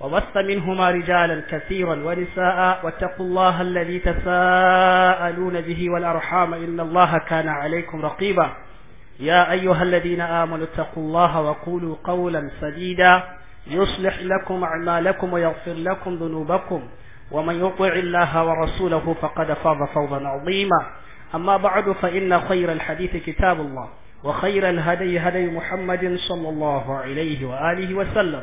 وبث منهما رجالا كثيرا ونساء واتقوا الله الذي تساءلون به والأرحام إن الله كان عليكم رقيبا يا أيها الذين آمنوا اتقوا الله وقولوا قولا سديدا يصلح لكم أعمالكم ويغفر لكم ذنوبكم ومن يطع الله ورسوله فقد فاض فوضا عظيما أما بعد فإن خير الحديث كتاب الله وخير الهدي هدي محمد صلى الله عليه وآله وسلم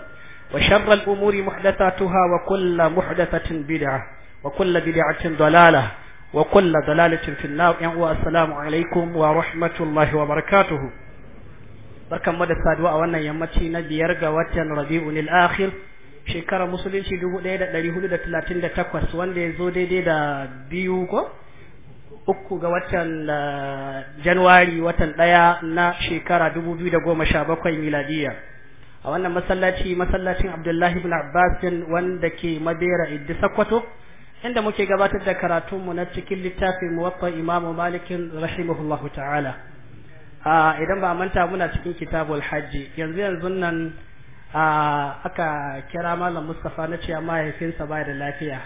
وشر الأمور محدثاتها وكل محدثة بدعة وكل بدعة ضلالة وكل ضلالة في النار والسلام عليكم ورحمة الله وبركاته barkan mu da saduwa a wannan yammaci na biyar ga watan Rabi'un al-Akhir shekarar musulunci 1438 wanda ya zo daidai da biyu ko uku ga watan Januwari watan daya na shekara 2017 miladiya a wannan masallaci masallacin Abdullahi ibn Abbas wanda ke Mabera idda sakwato inda muke gabatar da karatunmu na cikin littafin Muwatta Imam Malik rahimahullahu ta'ala a idan ba manta muna cikin kitabul hajji yanzu yanzu nan aka kira malam Mustafa na cewa mahaifinsa ba da lafiya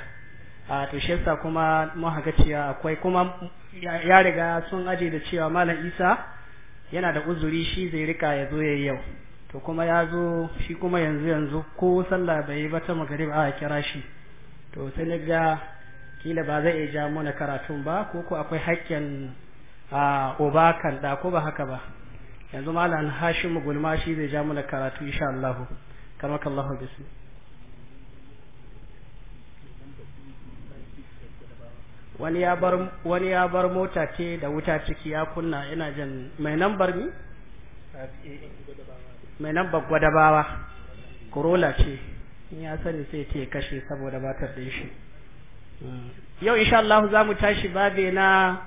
a to shi kuma mun cewa akwai kuma ya riga sun aje da cewa malam Isa yana da uzuri shi zai rika ya zo yayi yau to kuma ya zo shi kuma yanzu yanzu ko sallah bai yi ba ta magarib a kira shi to sai na ga kila ba zai iya ja mana karatun ba ko ko akwai haƙƙin a oba kan da ko ba haka ba yanzu malam hashim gulma shi zai ja mana karatu insha Allah karmakallahu bismi wani ya bar wani ya bar mota ce da wuta ciki ya kunna ina jan mai nambar mi mai nan bawa corolla ce in ya sani sai ce kashe saboda batar da shi yau insha Allah za mu tashi babe na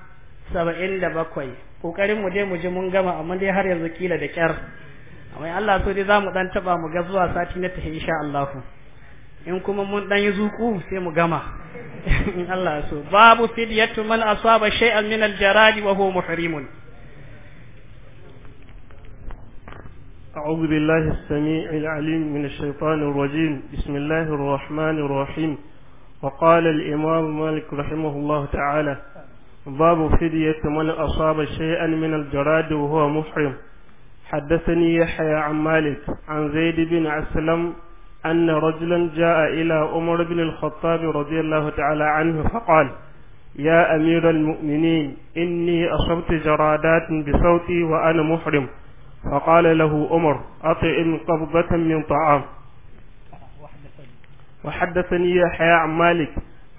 saba'in da bakwai kokarin mu dai mu ji mun gama amma dai har yanzu kila da kyar amma Allah so dai za mu dan taba mu ga zuwa sati na ta insha Allah in kuma mun dan yi zuku sai mu gama in Allah so babu fidyatu man asaba shay'an min al-jaradi wa huwa muhrimun أعوذ بالله السميع العليم من الشيطان الرجيم بسم الله الرحمن الرحيم وقال الإمام مالك رحمه الله تعالى باب فدية من أصاب شيئا من الجراد وهو محرم حدثني يحيى عن مالك عن زيد بن أسلم أن رجلا جاء إلى عمر بن الخطاب رضي الله تعالى عنه فقال يا أمير المؤمنين إني أصبت جرادات بصوتي وأنا محرم فقال له عمر أطئ قبضة من طعام وحدثني يحيى عن مالك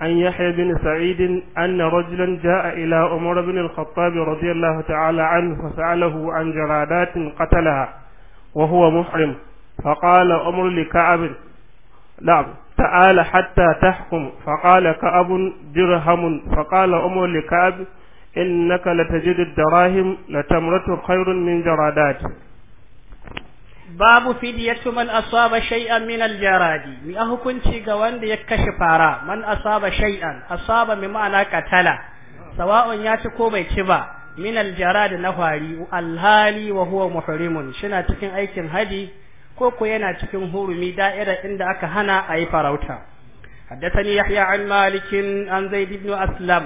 عن يحيى بن سعيد أن رجلا جاء إلى عمر بن الخطاب رضي الله تعالى عنه فسأله عن جرادات قتلها وهو محرم فقال عمر لكعب نعم تعال حتى تحكم فقال كعب درهم فقال عمر لكعب innaka latajidu darahim la tamratu min jaradat babu fidyatu man asaba shay'an min aljaradi, mi hukunci ga wanda ya kashe fara man asaba shay'an asaba mai ma'ana katala sawa'un ya ci ko bai ci ba min aljaradi na fari alhali wa huwa muhrimun shina cikin aikin haji ko ko yana cikin hurumi da'ira inda aka hana ayi farauta حدثني يحيى عن مالك عن زيد بن أسلم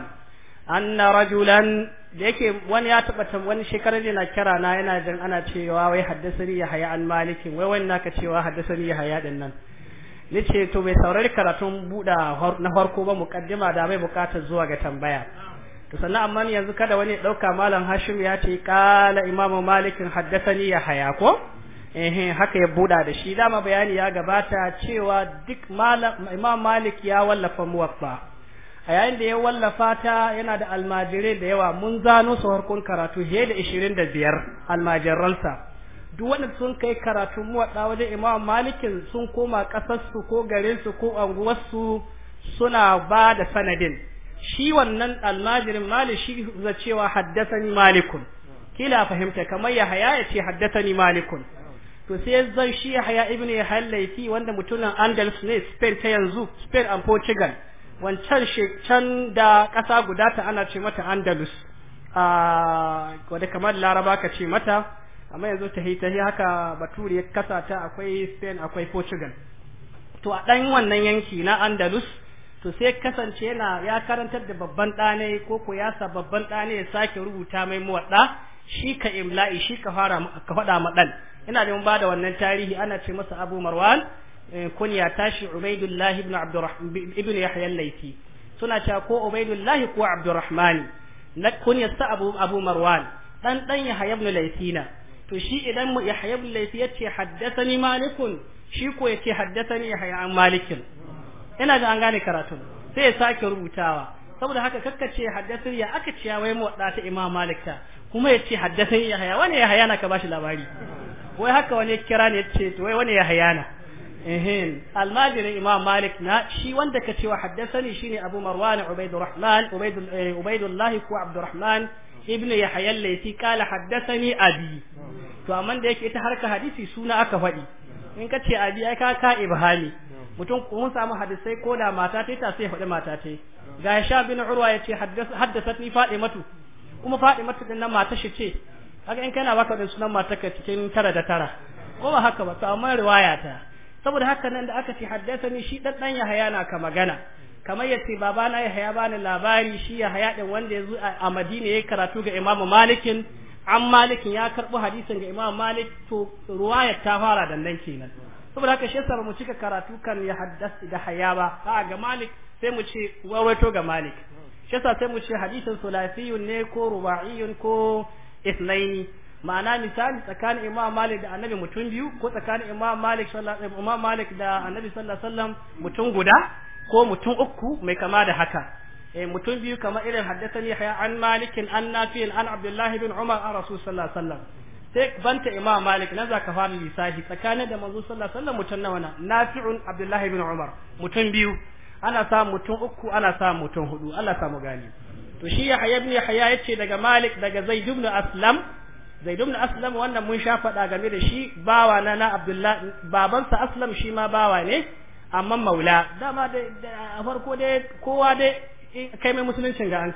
anna rajulan da yake wani ya taba wani shekarar na kira na yana jin ana cewa wai haddasani ya haya an malikin wai wani naka cewa haddasani ya haya din nan ce to bai saurari karatun buɗa na farko ba mukaddima da bai bukatar zuwa ga tambaya to sannan amma yanzu kada wani dauka malam Hashim ya ce kala imamu malikin haddasani ya haya ko eh haka ya buɗa da shi dama bayani ya gabata cewa duk malam imam malik ya wallafa muwaffa a yayin da ya wallafa ta yana da almajirai da yawa mun zano su harkun karatu he da ishirin da biyar almajiransa duk wanda sun kai karatu muwaɗa wajen imam malikin sun koma ƙasarsu ko garinsu ko anguwarsu suna ba da sanadin shi wannan almajirin malik shi za cewa haddasani malikun kila fahimta kamar ya haya ya ce haddasa ni malikun to sai zan shi haya ibn ya wanda mutumin andalus ne spain ta yanzu spain and portugal wancan can da ƙasa guda ta ana ce mata andalus a wadda kamar laraba ka ce mata amma yanzu ta hita haka baturi ya kasa ta akwai spain akwai portugal to a ɗan wannan yanki na andalus to sai kasance yana ya karantar da babban ɗane ko ko ya sa babban ɗane ya sake rubuta mai muwaɗa shi ka imla'i shi ka fara ka faɗa ma ɗan ina neman ba da wannan tarihi ana ce masa abu marwan Eh, kunya tashi Ubaidullah ibn Abdurrahman ibn Yahya al-Laiti suna cewa ko Ubaidullah ko Abdurrahman na kunya sa Abu Abu Marwan dan dan Yahya ibn Laitina to shi idan mu Yahya ibn Laiti yace haddathani Malikun shi ko yace haddathani Yahya an Malikin ina ga an gane karatun sai ya sake rubutawa saboda haka kakkace haddathani ya aka ciya wai mu ta Imam Malik ta kuma yace haddathani Yahya wani Yahya na ka bashi labari wai haka wani kira ne yace to wai wani Yahya na ehin almajirin imam malik na shi wanda ka cewa haddasani shine abu marwan ubaidur rahman ubaidullah eh, ko abdurrahman ibn yahya al kala haddasani abi to amma da yake ita harka hadisi suna aka faɗi in ka ce abi ai ka ka ibhami mutum mun samu hadisai ko da mata ta ta sai faɗi mata ta ga sha bin urwa yace haddasatni fadimatu kuma fadimatu din nan mata shi ce kaga in kana baka da sunan mata ka cikin tara da tara ko ba haka ba to amma riwaya ta saboda haka nan da aka ce ni shi dan dan Yahaya na ka magana kamar yace babana Yahaya bani labari shi Yahaya ɗin wanda ya yazo a Madina yi karatu ga Imam Malikin an Malikin ya karbo hadisin ga Imam Malik to ruwayar ta fara dan nan kenan saboda haka shi yasa mu cika karatu kan ya haddasa da haya ba a ga Malik sai mu ce warwato ga Malik shi yasa sai mu ce hadisin sulafiyun ne ko rubaiyun ko isnaini ma'ana misali tsakanin imam malik da annabi mutum biyu ko tsakanin imam malik imam malik da annabi sallallahu alaihi wasallam mutum guda ko mutum uku mai kama da haka eh mutum biyu kamar irin haddathani haya an Malik an nafi an abdullahi bin umar an rasul sallallahu alaihi wasallam sai banta imam malik nan zaka fara misali tsakanin da manzo sallallahu alaihi wasallam mutum nawa na nafi'un abdullahi bin umar mutum biyu ana samun mutum uku ana samun mutum hudu Allah samu gani to shi ya hayya ibn yahya yace daga malik daga zaid ibn aslam zaid ibn aslam wannan mun sha faɗa game da shi bawa na na abdullahi babansa aslam shi ma bawa ne amma maula dama da farko dai kowa dai kai mai musuluncin ga an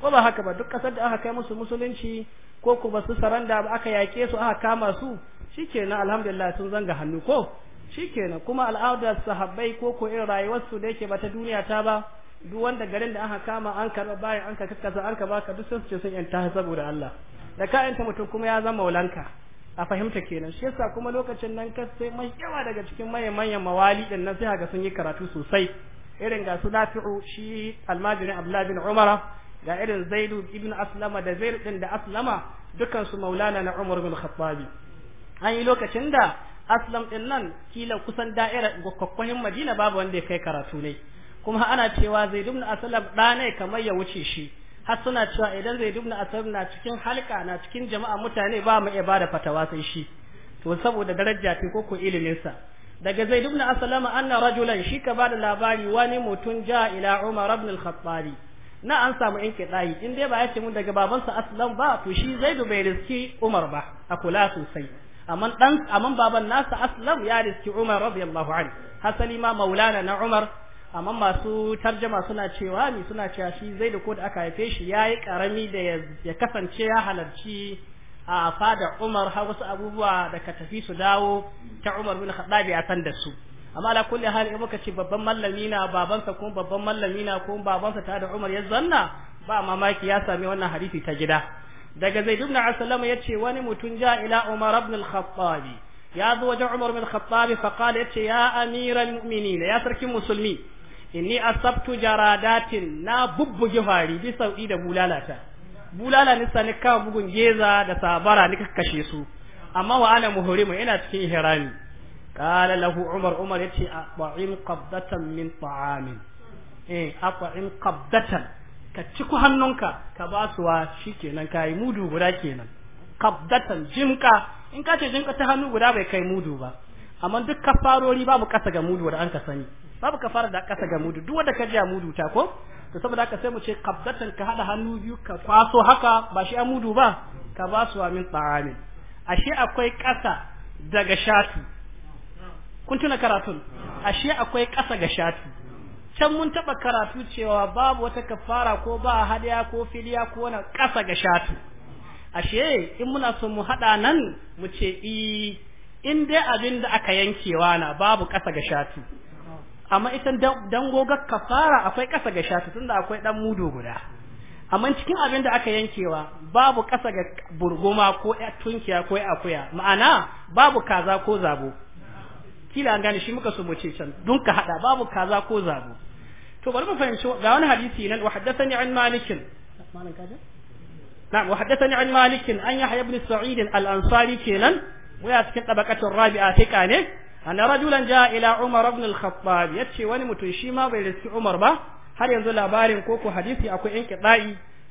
ko ba haka ba duk kasar da aka kai musu musulunci ko ku ba su saranda ba aka yake su aka kama su shikenan alhamdulillah sun zanga hannu ko shikenan kuma al'adar sahabbai ko ko irin rayuwar su da yake ba ta duniya ta ba duk wanda garin da aka kama an karba bayan an ka kakkasa an ka baka duk sun ce sun yanta saboda Allah da ka'yanta mutum kuma ya zama maulanka a fahimta kenan shi yasa kuma lokacin nan ka sai mai yawa daga cikin manyan manyan mawali din nan sai ga sun yi karatu sosai irin ga su nafi'u shi almajiri abdullahi bin umara ga irin zaidu ibn aslama da zaid din da aslama dukan su maulana na umar bin khattabi an yi lokacin da aslam din nan kila kusan da'ira gwakwakwahin madina babu wanda ya kai karatu ne kuma ana cewa zaid ibn aslam ɗa ne kamar ya wuce shi har suna cewa idan zai dubna asar na cikin halka na cikin jama'a mutane ba mu iya bada fatawa sai shi to saboda daraja ce ko ko daga zai dubna asalama anna rajulan shi ka bada labari wani mutum ja ila umar ibn al na an samu yanke ɗayi in dai ba ya ce mun daga babansa Aslam ba to shi zaidu bai riski umar ba a kula sosai amma dan amma baban nasa aslam ya riski umar radiyallahu anhu hasali ma maulana na umar amma masu tarjama suna cewa ni suna cewa shi zai da ko da aka haife shi ya yi karami da ya kasance ya halarci a fada umar har wasu abubuwa da ka tafi su dawo ta umar bin khattabi a san da su amma ala kulli hal in muka ce babban mallami na babansa ko babban mallami na ko babansa ta da umar ya zanna ba mamaki ya sami wannan hadisi ta gida daga zaid ibn aslam yace wani mutum ja ila umar ibn al ya zo wajen umar bin al-khattab fa qala yace ya amiral mu'minin ya sarkin musulmi inni asabtu jaradatin na bubbuge fari bi sauki da bulalata bulala ne sani ka bugun geza da sabara ni kashe su amma wa ana muhrimu ina cikin ihrami qala lahu umar umar yace aqba'in qabdatan min ta'amin eh aqba'in qabdatan ka ciku hannunka ka ba su wa shikenan kai mudu guda kenan qabdatan jimka in ka ce jimka ta hannu guda bai kai mudu ba amma duk kafarori babu kasa ga mudu wanda an ka sani babu kafara da kasa ga mudu duk wanda ka ji mudu ta ko to saboda haka sai mu ce qabdatan ka hada hannu biyu ka kwaso haka ba shi amudu ba ka ba su amin tsarami ashe akwai ƙasa daga shatu kun tuna karatun ashe akwai ƙasa ga shatu can mun taɓa karatu cewa babu wata kafara ko ba hadiya ko filiya ko wani kasa ga shatu ashe in muna so mu haɗa nan mu ce i in dai abin da aka yankewa na babu ƙasa ga shatu amma ita dangogar kafara akwai ƙasa ga shatu tunda akwai ɗan mudu guda amma cikin abin da aka yankewa babu ƙasa ga burguma ko tunkiya ko akuya ma'ana babu kaza ko zabo kila an gane shi muka so mu can dun ka hada babu kaza ko zabo to bari mu fahimci ga wani hadisi nan wa haddathani an malikin malan kaza na'am wa haddathani an malikin an yahya ibn sa'id al-ansari kenan muna cikin tabaqatul rabi'a tika ne anna rajulan jaa ila umar ibn al-khattab yace wani mutum shi ma bai riski umar ba har yanzu labarin ko ko hadisi akwai inqidai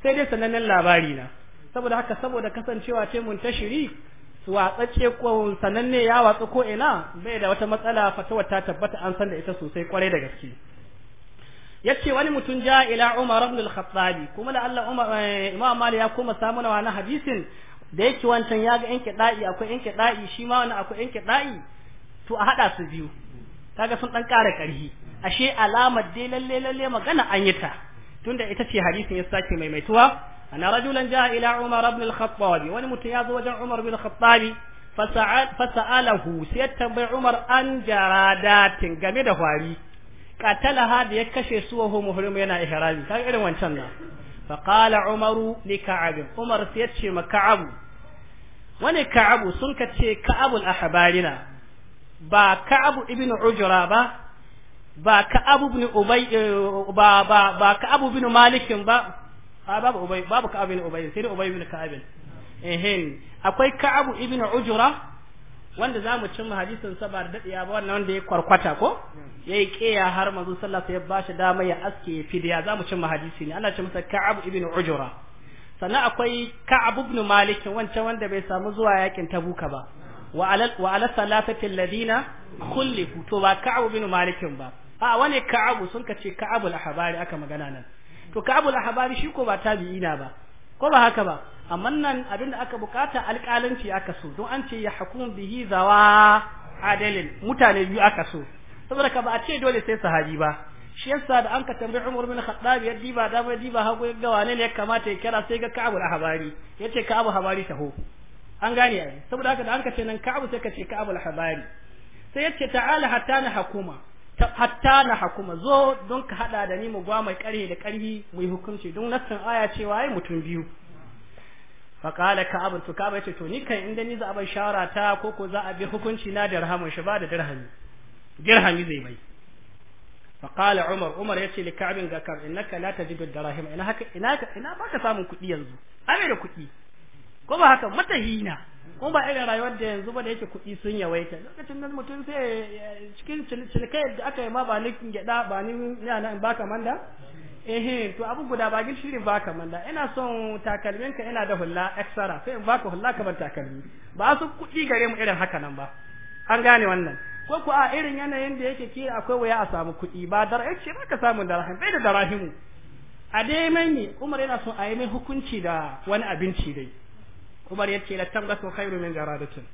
sai dai sanannen labari na saboda haka saboda kasancewa ce muntashiri watsacce ko sananne ya watsu ko ina bai da wata matsala fatawar ta tabbata an san da ita sosai kwarai da gaske yace wani mutum ja ila Umar ibn al kuma da Allah Umar eh, Imam ya koma samu na hadisin da yake wancan ya ga yan kiɗa'i akwai yan kiɗa'i shi ma wani akwai yan kiɗa'i to a haɗa su biyu kaga sun ɗan ƙara ƙarfi ashe alamar dai lalle lalle magana an yi ta tunda ita ce hadisin ya sake maimaituwa ana rajulan ja'a ila umar ibn al-khattab wani mutum ya zo wajen umar ibn al-khattab fasa'alahu sai ya tambayi umar an jaradatin game da hwari katalaha da ya kashe su wa muhrim yana ihrami kaga irin wancan nan فقال عمر لكعب Umar سيتشي ma كعب wani ka'abu sun kace ce ka'abul ahbarina ba ka'abu ibn ujra ba ka'abu ibn ubay ba akwai ka'abu ibn ujra wanda za mu cimma hadisin sa ba da daɗiya ba wannan wanda ya kwarkwata ko hmm. ya yi ƙeya har mazu sallah ya ba shi dama ya aske ya fi za mu cimma hadisi ne ana ce masa ka'ab ibn ujura sannan akwai ka'ab ibn malik wancan wanda bai samu zuwa yakin tabuka ba wa ala wa ladina salatati to ba ka'ab ibn malik ba a wani ka'ab sun ka ce al ahbari aka magana nan to al ahbari shi ko ba tabi'ina ba ko ba haka ba amma nan da aka bukata alƙalanci aka so don an ce ya hukum bihi zawa adalin mutane biyu aka so saboda ka ba a ce dole sai sahabi ba shi yasa da an ka tambayi Umar bin Khattab ya diba da ba diba hago ga wane ne ya kamata ya kira sai ga Ka'abu al-Habari yace Ka'abu al-Habari taho an gane ai saboda haka da an ka ce nan Ka'abu sai ka ce Ka'abu al-Habari sai yace ta'ala hatta na hukuma hatta na hukuma zo don ka hada da ni mu gwa mai karhi da karhi mu yi hukunci don nassan aya cewa ai mutum biyu faƙala ka'abun to ka'aba yace to ni kan inda ni za a bai shawara ta ko ko za a bi hukunci na dirhamun shi ba da dirhami dirhami zai bai faƙala umar umar ya yace li ka'abin ga kar ina innaka la tajidu dirahim ina haka ina ina baka samun kuɗi yanzu amai da kuɗi ko ba haka matahina ko ba irin rayuwar da yanzu ba da yake kuɗi sun yawaita lokacin nan mutum sai cikin cilikai da aka yi ma ba ni gyaɗa ba ni ina in baka manda eh to abu guda ba gil shirin baka malla ina son takalmin ka ina da hulla extra sai in baka hulla ka ban takalmi ba su kudi gare mu irin haka nan ba an gane wannan ko ku a irin yanayin da yake ke akwai waya a samu kudi ba dar eh, ce baka samu darahim bai da darahimu a dai mai ne Umar yana son a yi mai hukunci da wani abinci dai Umar ya la tamratu khairu min jaradatin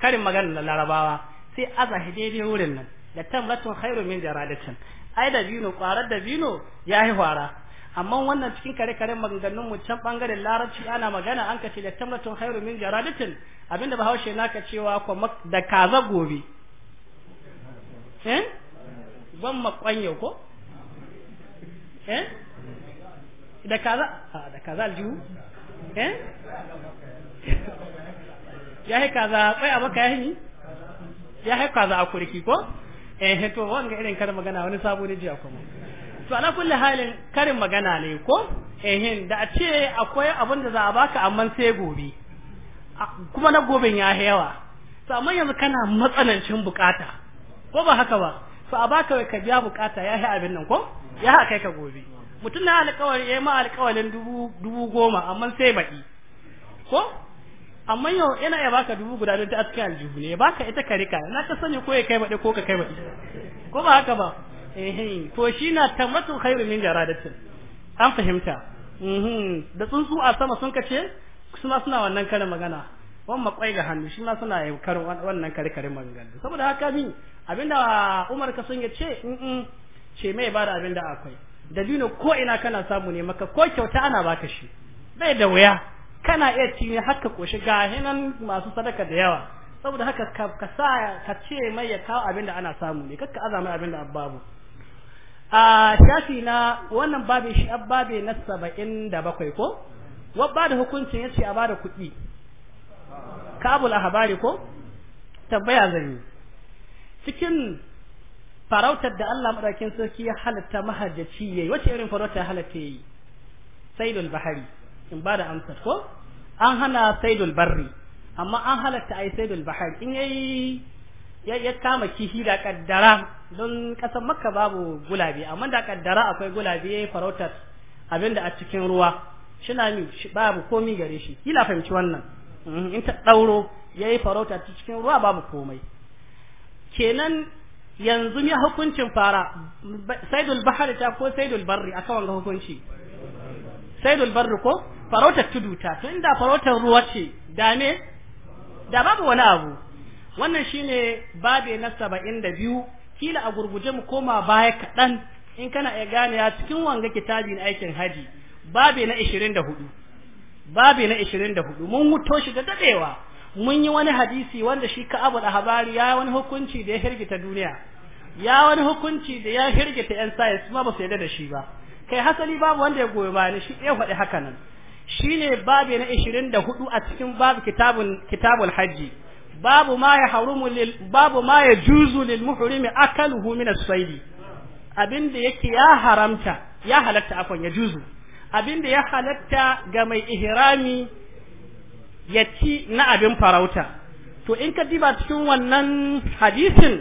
karin magana Larabawa sai azahi dai wurin nan la tamratu khairu min jaradatin ai da bino kwarar da bino ya yi hwara amma wannan cikin kare kare maganganun mu can bangaren larabci ana magana an kace da tamratun khairu min jaradatin abinda ba bahaushe naka cewa ko da kaza gobe eh ban makwanyo ko eh da kaza da kaza alju eh ya yi kaza kai abaka baka ya yi ya yi kaza a ko eh to wanga irin karin magana wani sabo ne jiya kuma to ala kulli halin karin magana ne ko eh da a ce akwai abin da za a baka amma sai gobe kuma na gobe ya yawa to amma yanzu kana matsanancin bukata ko ba haka ba to a baka ka biya bukata ya abin nan ko ya kai ka gobe mutum na alƙawari ya ma alƙawarin dubu dubu goma amma sai baki ko amma yau yana ya baka dubu guda don ta aska aljihu ne ya baka ita ka rika na ka sani ko ya kai baɗe ko ka kai baɗe ko ba haka ba to shi na tamatu khairu min jaradatin an fahimta da tsuntsu a sama sun kace ma suna wannan karin magana wan makwai ga hannu shi ma suna karin wannan kare kare magana saboda haka ni abinda Umar ka son ya ce ce mai ba da abinda akwai dalilin ko ina kana samu ne maka ko kyauta ana baka shi bai da wuya kana iya cinye haka koshi ga hinan masu sadaka da yawa saboda haka ka sa ka ce mai ya kawo abin da ana samu ne kakka azama abin da babu a shafi na wannan babin shi abbabe na saba'in da bakwai ko ba da hukuncin ya ce a bada kuɗi kabul habari ko tabbaya zan yi cikin farautar da Allah madaukin sarki ya halatta mahajjaci yayi wace irin farauta halatta yayi saidul bahari in ba da amsar ko an hana saidul barri amma an halatta ai saidul bahar in yayi ya kama kihi da kaddara don kasan makka babu gulabe amma da kaddara akwai gulabe yayi farautar abinda a cikin ruwa shina mi babu komi gare shi kila fahimci wannan mm-hmm. in ta dauro yayi farautar a cikin ruwa babu komai kenan yanzu ya hukuncin fara saidul bahar ta ko saidul barri akan ga hukunci saidul barri ko farautar tudu ta to inda farautar ruwa ce da ne, da babu wani abu wannan shine babe na saba'in da biyu kila a gurguje mu koma baya kaɗan in kana iya gane ya cikin wanga kitabin aikin haji babe na ishirin da hudu babe na ishirin da hudu mun wuto shi da daɗewa mun yi wani hadisi wanda shi ka abu da habari ya wani hukunci da ya hirgita duniya ya wani hukunci da ya hirgita yan sayis ma ba su da shi ba kai hasali babu wanda ya goyi bayan shi ya faɗi haka nan shine babi na 24 a cikin babu kitabun kitabul hajji babu ma ya harumu lil babu ma ya juzu lil muhrimi akaluhu min as abinda yake ya haramta ya halatta afon ya juzu abinda ya halatta ga mai ihrami ya ci na abin farauta to in ka diba cikin wannan hadisin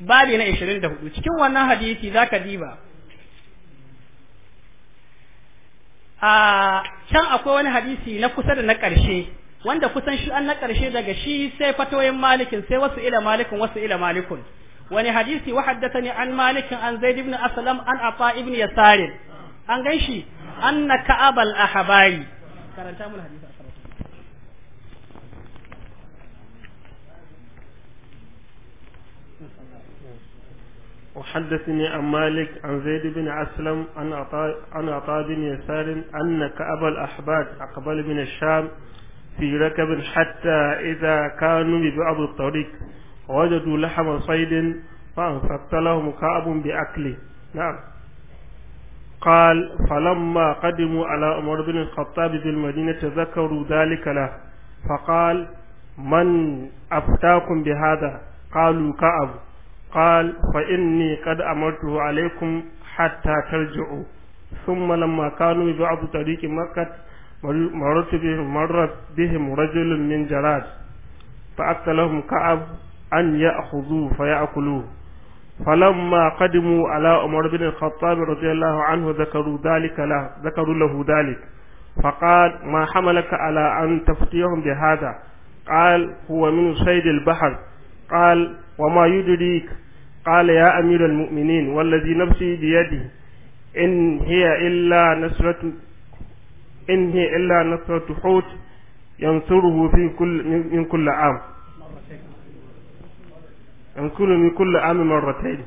babi na 24 cikin wannan hadisi zaka diba a can akwai wani hadisi na kusa da na ƙarshe wanda kusan shi an na ƙarshe daga shi sai fatoyin malikin sai wasu ila malikin wasu ila malikun wani hadisi wa ne an malikin an zaid ibn aslam an afa ibn yasar an ganshi anna ka'abal ahbari karanta mun hadisi وحدثني عن مالك عن زيد بن أسلم عن عطاء عن عطاء بن يسار أن كأب الأحباب أقبل من الشام في ركب حتى إذا كانوا ببعض الطريق وجدوا لحم صيد فأنفقت لهم كأب بأكله نعم قال فلما قدموا على عمر بن الخطاب بالمدينة تذكروا ذلك له فقال من أفتاكم بهذا قالوا كعب قال فإني قد أمرته عليكم حتى ترجعوا ثم لما كانوا بعض طريق مكة مرت بهم مرت بهم رجل من جراد فأقتلهم كعب أن يأخذوه فيأكلوه فلما قدموا على عمر بن الخطاب رضي الله عنه ذكروا ذلك له ذكروا له ذلك فقال ما حملك على أن تفتيهم بهذا قال هو من صيد البحر قال وما يدريك قال يا أمير المؤمنين والذي نفسي بيده إن هي إلا نصرة إن هي إلا نصرة حوت ينصره في كل من كل عام ينصره من كل عام مرتين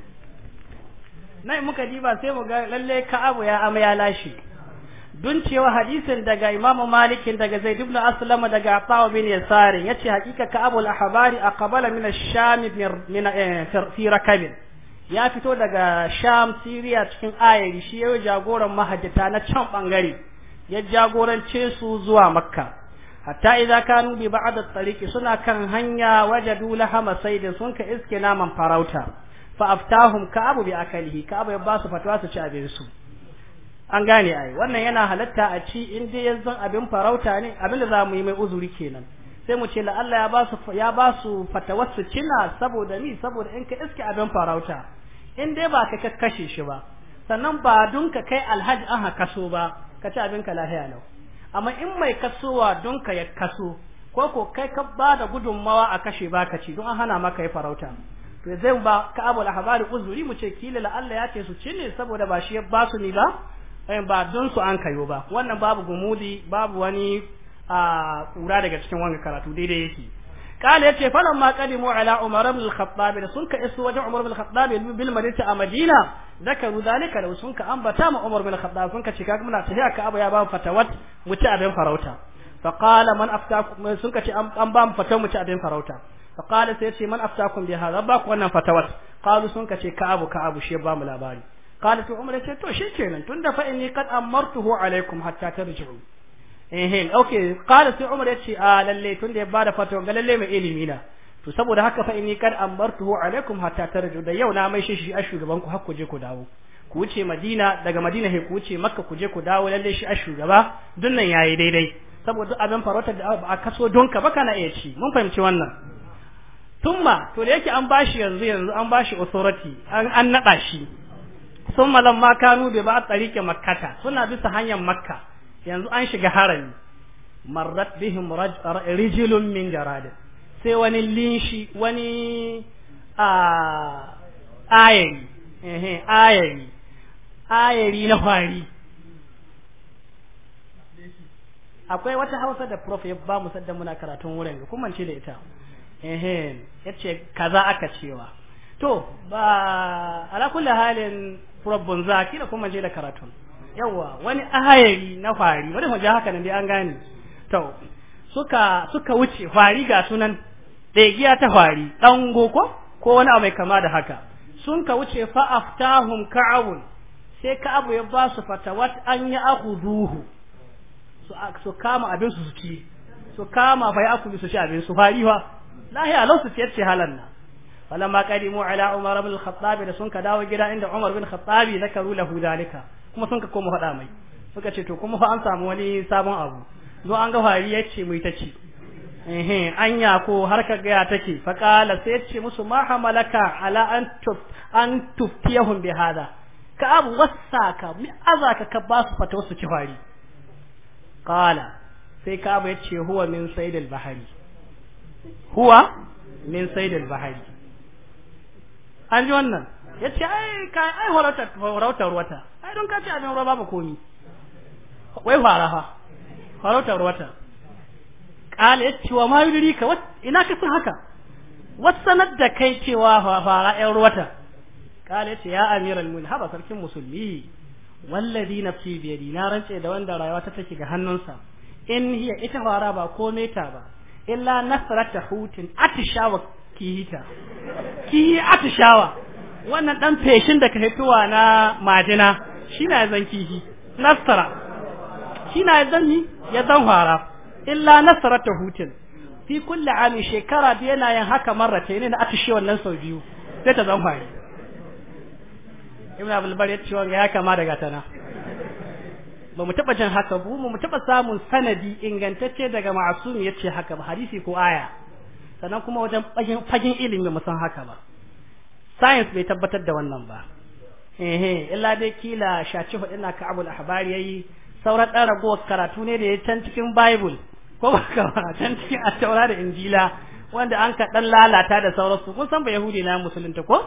نعم مكتبا سيما قال للي كعب يا أم يا لاشي dun cewa hadisin daga Imam malikin daga Zaid ibn asalama daga Atha bin ya ce hakika ka Abu al-Ahbari a kabala ash-Sham min eh, ya fito daga Sham siriya cikin ayari shi yau jagoran mahajjata na can bangare ya jagorance su zuwa Makka hatta idza kanu bi ba'd at-tariqi suna kan hanya wajadu lahama saidin sun ka iske naman farauta fa aftahum ka abu bi akalihi ka abu ya basu fatwa su ci abin su an gane ai wannan yana halatta a ci in dai yanzu abin farauta ne abin da zamu yi mai uzuri kenan sai mu ce la Allah ya ba su ya ba su fatawassu cina saboda ni saboda in ka iske abin farauta in dai ba ka kashe shi ba sannan ba dun ka kai alhaji an kaso ba ka ci abin ka lafiya lau amma in mai kasowa dun ka ya kaso ko ko kai ka ba da gudunmawa a kashe ba ka ci don an hana maka yi farauta to zai ba ka abu labari uzuri mu ce kila la Allah ya ce su ci ne saboda ba shi ya ba su ni ba wayan ba don su an kayo ba wannan babu gumudi babu wani a kura daga cikin wanga karatu daidai yake قال يتي فلما قدموا على عمر بن الخطاب سنك اسو وجه عمر بن الخطاب بالمدينة مدينة ذكروا ذلك لو سنك أنبتا ما عمر بن الخطاب سنك شكاك من أتهاك أبا يا باب فتوت متأبين فروتا فقال من أفتاكم سنك أنبام فتو متأبين فروتا فقال سيتي من أفتاكم بهذا باك وانا فتوت قالوا سنك كعب كعب شيبام الأباري قالت عمر ce to shikenan tunda fa inni qad amartuhu alaikum hatta tarji'u eh okay qala sai umar yace a lalle tunda ya bada fatawa ga lalle mai ilimi na to saboda haka fa inni qad amartuhu alaikum hatta tarji'u da yau na mai shi a shugaban ku har ku je ku dawo ku wuce Madina daga Madina he ku wuce Makka ku je ku dawo lalle shi a shugaba dun nan yayi daidai saboda abin farautar da ba kaso don ka ba kana iya mun fahimci wannan tumma to da yake an bashi yanzu yanzu an bashi authority an an nada shi sun malam ma kanu bai ba tsarike makkata suna bisa hanyar makka yanzu an shiga harami marrat bihim rijilun min jaradin sai wani linshi wani a ayari ayari ayari na fari akwai wata hausa da prof ya ba mu sadda muna karatun wurin ga kuma ce da ita ehe yace kaza aka cewa to ba ala kulli halin robin zaki da kuma je da karatu yawa wani ahayari na fari wani mu haka nan dai an gane to suka suka wuce fari ga sunan giya ta fari dan goko ko wani abu mai kama da haka sun ka wuce fa aftahum ka'awun sai ka'abu ya ba su fatawat an ya akhuduhu su su kama abin su suke. su kama bai aku su shi abin su fari fa lahi alau su ce halan na فلما قدموا ala umar بن الخطاب da sun ka dawo gida inda umar ibn al-khattab zakaru lahu dalika kuma sun ka koma faɗa mai suka ce to kuma fa an samu wani sabon abu zo an ga fari ya ce mu ita eh anya ko har ka ga take fa qala sai ya ce musu ma hamalaka ala an tuf an tuftiyahum bi hada ka abu wasaka mi azaka ka ba su fata wasu fari qala sai ka ba ya ce huwa min saidil bahari huwa min saidil bahari an ji wannan ya ce ai ka ai horautar ruwata ai don ka abin ruwa babu komi wai fara fa farautar ruwata kala ya ce wa ma yuri ka ina ka san haka wasanar da kai cewa fara yan ruwata kala ya ce ya amiral mun haba sarkin musulmi wallazi nafsi biyadi na rance da wanda rayuwa ta take ga hannunsa in hiya ita fara ba komai ta ba illa nasratu hutin atishawa Kihita kihi atishawa wannan dan feshin da ka fitowa na majina shi na zan kihi nasara shi na zan yi ya zan fara illa nasara ta hutin fi kulli ami shekara biyu yana yin haka marrata ne na atishe wannan sau biyu sai ta zan fari ibn abul bar ya ce wanga ya kama daga tana ba mu taba jin haka ba mu taba samun sanadi ingantacce daga ma'asum yace haka ba hadisi ko aya sannan kuma wajen fagen ilimi musan haka ba science bai tabbatar da wannan ba ehe illa dai kila shaci ina na ka'abul ahbar yayi sauran dan ragowar karatu ne da ya can cikin bible ko ba ka ba can cikin attaura da injila wanda an ka dan lalata da sauransu kun san ba yahudi na musulunta ko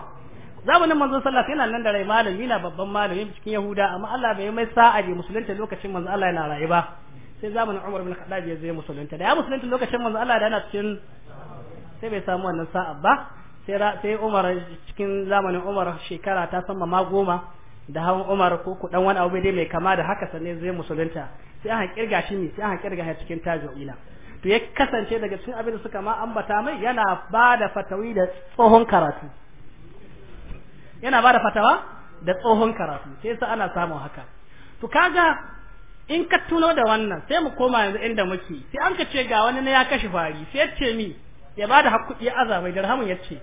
zamanin manzon sallallahu alaihi wasallam nan da rai malami na babban malami cikin yahuda amma Allah bai mai sa'a ji musulunta lokacin manzon Allah yana rayuwa sai zamanin Umar ibn Khattab ya zai musulunta da ya musulunta lokacin manzon Allah da yana cikin sai bai samu wannan sa'a ba sai sai Umar cikin zamanin Umar shekara ta sama ma goma da hawan Umar ko ku dan wani abu dai mai kama da haka sanne zai musulunta sai aka kirga shi ne sai aka kirga shi cikin tajawila to ya kasance daga cikin abin da suka ma ambata mai yana ba fatawi da tsohon karatu yana ba da fatawa da tsohon karatu sai sa ana samun haka to kaga in ka tuno da wannan sai mu koma yanzu inda muke sai an ka ce ga wani ne ya kashe fari sai ce mi ya bada hakkuɗi aza mai dirhamin ya ce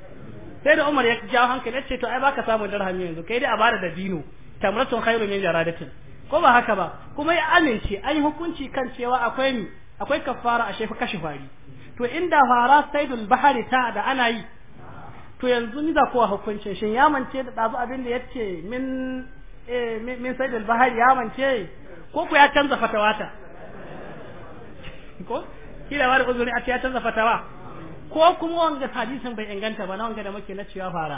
sai da Umar ya jawo hankali ya ce to ai baka samu dirhami yanzu kai dai a bada da dino tamratun khairu min jaradatin ko ba haka ba kuma ya amince an yi hukunci kan cewa akwai ni akwai kafara a shefa kashe fari to inda fara saidul bahari ta da ana yi to yanzu ni da kowa hukuncin shin ya mance da dazu abin da yace eh, min min saidul bahari ya mance ko ku ya canza fatawata ko kila wani uzuri a ce ya canza fatawa ko kuma wanga hadisin bai inganta ba na wanga da muke na cewa fara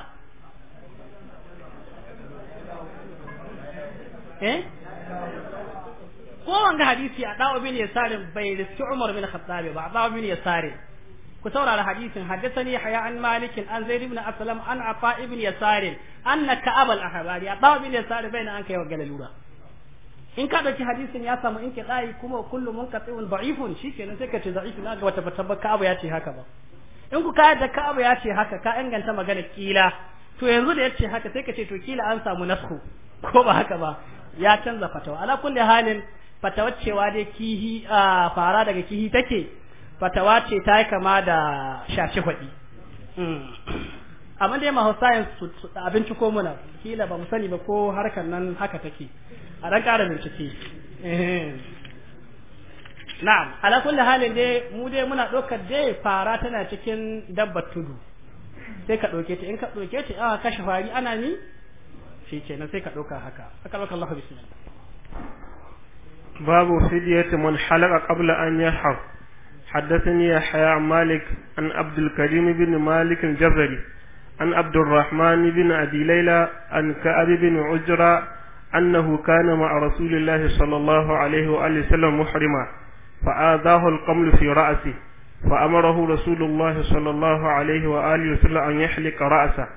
eh ko wanga hadisi a dawo bin yasarin bai riski Umar bin Khattab ba a dawo bin yasarin ku saurara hadisin haddathani haya an malik an zaid ibn aslam an afa ibn yasarin anna ka'ab al a dawo bin yasarin bai na an kai wa lura in ka dauki hadisin ya samu in kiɗayi kuma kullu munqati'un da'ifun shikenan sai ka ce da'if na ga wata fatabba ka abu ya ce haka ba in ku kayar da ka'abu ya ce haka ka inganta magana kila to yanzu da ya ce haka sai ka ce to kila an samu nasku ko ba haka ba ya canza fatawa ala kulle halin fatawa cewa dai kihi a fara daga kihi take fatawa ce ta yi kama da shashi hudi hmm. amma dai mahausayen su abinci ko muna kila ba mu sani ba ko harkar nan haka take a dan ƙara bincike eh. na'am ala kulli halin dai mu dai muna ɗaukar dai fara tana cikin dabbar tudu sai ka ɗauke ta in ka ɗauke ta aka kashe fari ana ni shi kenan sai ka ɗauka haka aka ɗauka Allah babu fidyati man halaka qabla an yahar حدثني يحيى عن مالك عن عبد الكريم بن مالك الجزري عن عبد الرحمن بن أبي ليلى عن كعب بن عجرة أنه كان مع رسول الله صلى الله عليه وسلم محرما فآذاه القمل في رأسه فأمره رسول الله صلى الله عليه وآله وسلم أن يحلق رأسه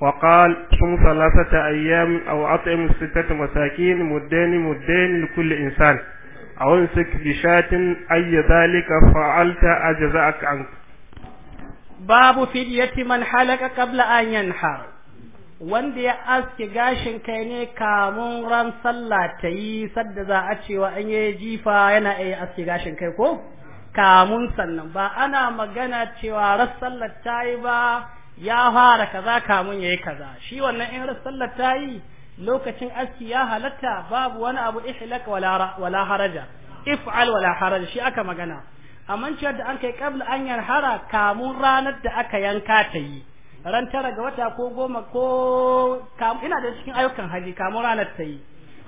وقال صم ثلاثة أيام أو أطعم ستة مساكين مدين مدين لكل إنسان أو امسك بشاة أي ذلك فعلت أجزأك عنك باب فدية من حلق قبل أن ينحر wanda ya aske gashin kai ne kamun ran sallah ta yi sadda za a cewa an yi jifa yana iya aske gashin kai ko kamun sannan ba ana magana cewa ran sallah ta yi ba ya fara kaza kamun ya yi kaza shi wannan in ran sallah ta yi lokacin aski ya halatta babu wani abu ihlak wala haraja if'al wala haraja shi aka magana amma cewa da an kai kabla an hara kamun ranar da aka yanka ta yi ran tara ga wata ko goma ko ina da cikin ayyukan haji kamar ranar ta yi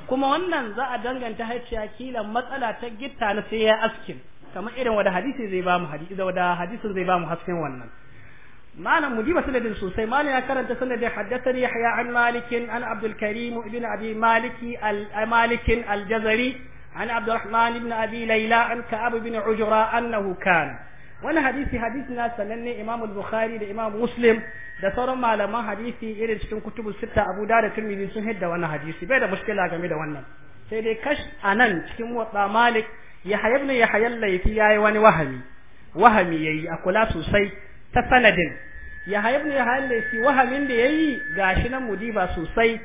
kuma wannan za a danganta haiciya kila matsala ta gitta na sai ya askin kamar irin wada hadisi zai ba mu hadisi wada hadisin zai ba mu hasken wannan malam mujiba sanadin sosai malam ya karanta sanadin haddathani yahya an malik an abdul karim ibn abi maliki al malik al jazari an abdurrahman ibn abi layla an ka'ab ibn ujra annahu kana wani hadisi hadisi na sananne imam al bukhari da imam muslim da sauran malaman hadisi irin cikin kutubu sita abu da da tirmidhi sun hidda wani hadisi bai da mushkila game da wannan sai dai kash anan cikin wata malik ya ne ya laifi ya yayi wani wahami wahami yayi a kula sosai ta sanadin ya ne ya hayalla laifi wahamin da ya yayi gashi nan mudiba sosai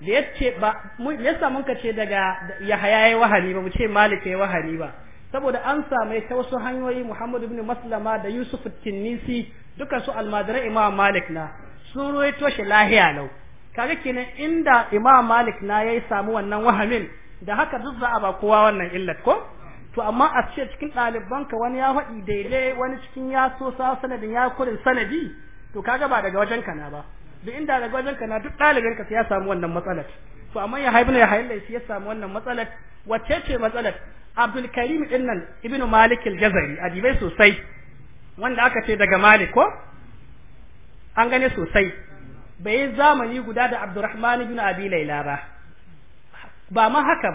da ya ce ba yasa mun ka ce daga ya hayaye wahami ba mu ce malik ya yi wahami ba saboda an same ta wasu hanyoyi Muhammadu ibn Maslama da Yusuf Tinnisi duka su almadarai Imam Malik na sun ruwaito shi lahiya lau kaga kenan inda Imam Malik na yayi samu wannan wahamin da haka duk za a ba kowa wannan illat ko to amma a ce cikin ɗalibanka wani ya faɗi daidai wani cikin ya so sa sanadin ya kurin sanadi to kaga ba daga wajen na ba duk inda daga wajen na duk ɗalibinka sai ya samu wannan matsalar to amma ya haibna ya haibna shi ya samu wannan matsalar wacce ce matsalar Abdul Karim din nan Ibn Malik al-Jazari adibai sosai wanda aka ce daga Malik ko an gane sosai bai zamani guda da Abdurrahman ibn Abi Layla ba ba ma haka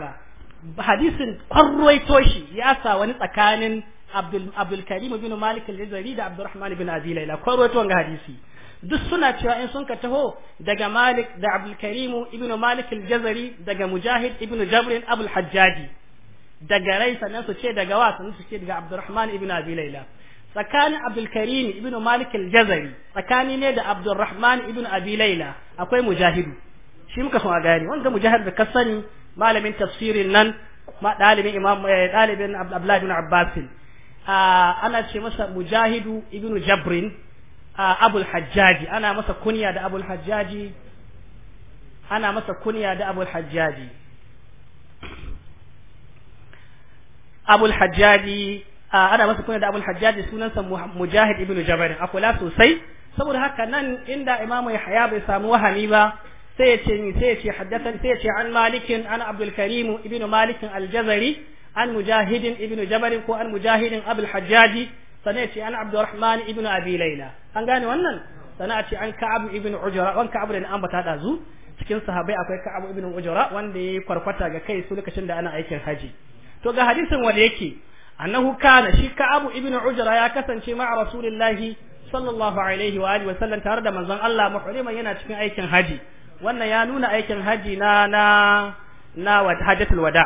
ba hadisin kwarwaito shi ya sa wani tsakanin Abdul Abdul Karim ibn Malik al-Jazari da Abdurrahman ibn Abi Layla kwarwaito ga hadisi duk suna cewa in sun ka taho daga Malik da Abdul Karim ibn Malik al-Jazari daga Mujahid ibn Jabr Abul Hajjaji daga Rai sannan su ce daga wa sannan su ce daga Abdurrahman ibn Abi Layla tsakanin Abdulkarim Karim ibn Malik al-Jazari tsakani ne da Abdurrahman ibn Abi Layla akwai Mujahid shi muka so a gani wanda Mujahid da ka sani malamin tafsirin nan dalibin Imam dalibin eh, Abdullah ibn Abbas ah, ana ce masa Mujahidu ibn Jabrin abul hajjaji ana masa kunya da abul hajjaji ana masa kunya da abul hajjaji abul hajjaji ana masa kunya da abul hajjaji sunansa mujahid ibnu a kula sosai saboda haka nan inda imamu yahya bai samu wahami ba sai ya ce ni sai ya ce haddathan sai ya ce an malikin an abdul karim ibnu malikin al an mujahidin ibnu jabal ko an mujahidin abul hajjaji sannan ce an abdurrahman ibn abi laila an gane wannan sana'a ce an ka'ab ibn ujra wan ka'ab da an bata dazu cikin sahabbai akwai ka'ab ibn ujra wanda yayi kwarkwata ga kai su lokacin da ana aikin haji to ga hadisin wanda yake annahu kana shi ka'ab ibn ujra ya kasance ma rasulillahi sallallahu alaihi wa alihi wa sallam tare da manzon Allah muhriman yana cikin aikin haji wannan ya nuna aikin haji na na na hajjatul wada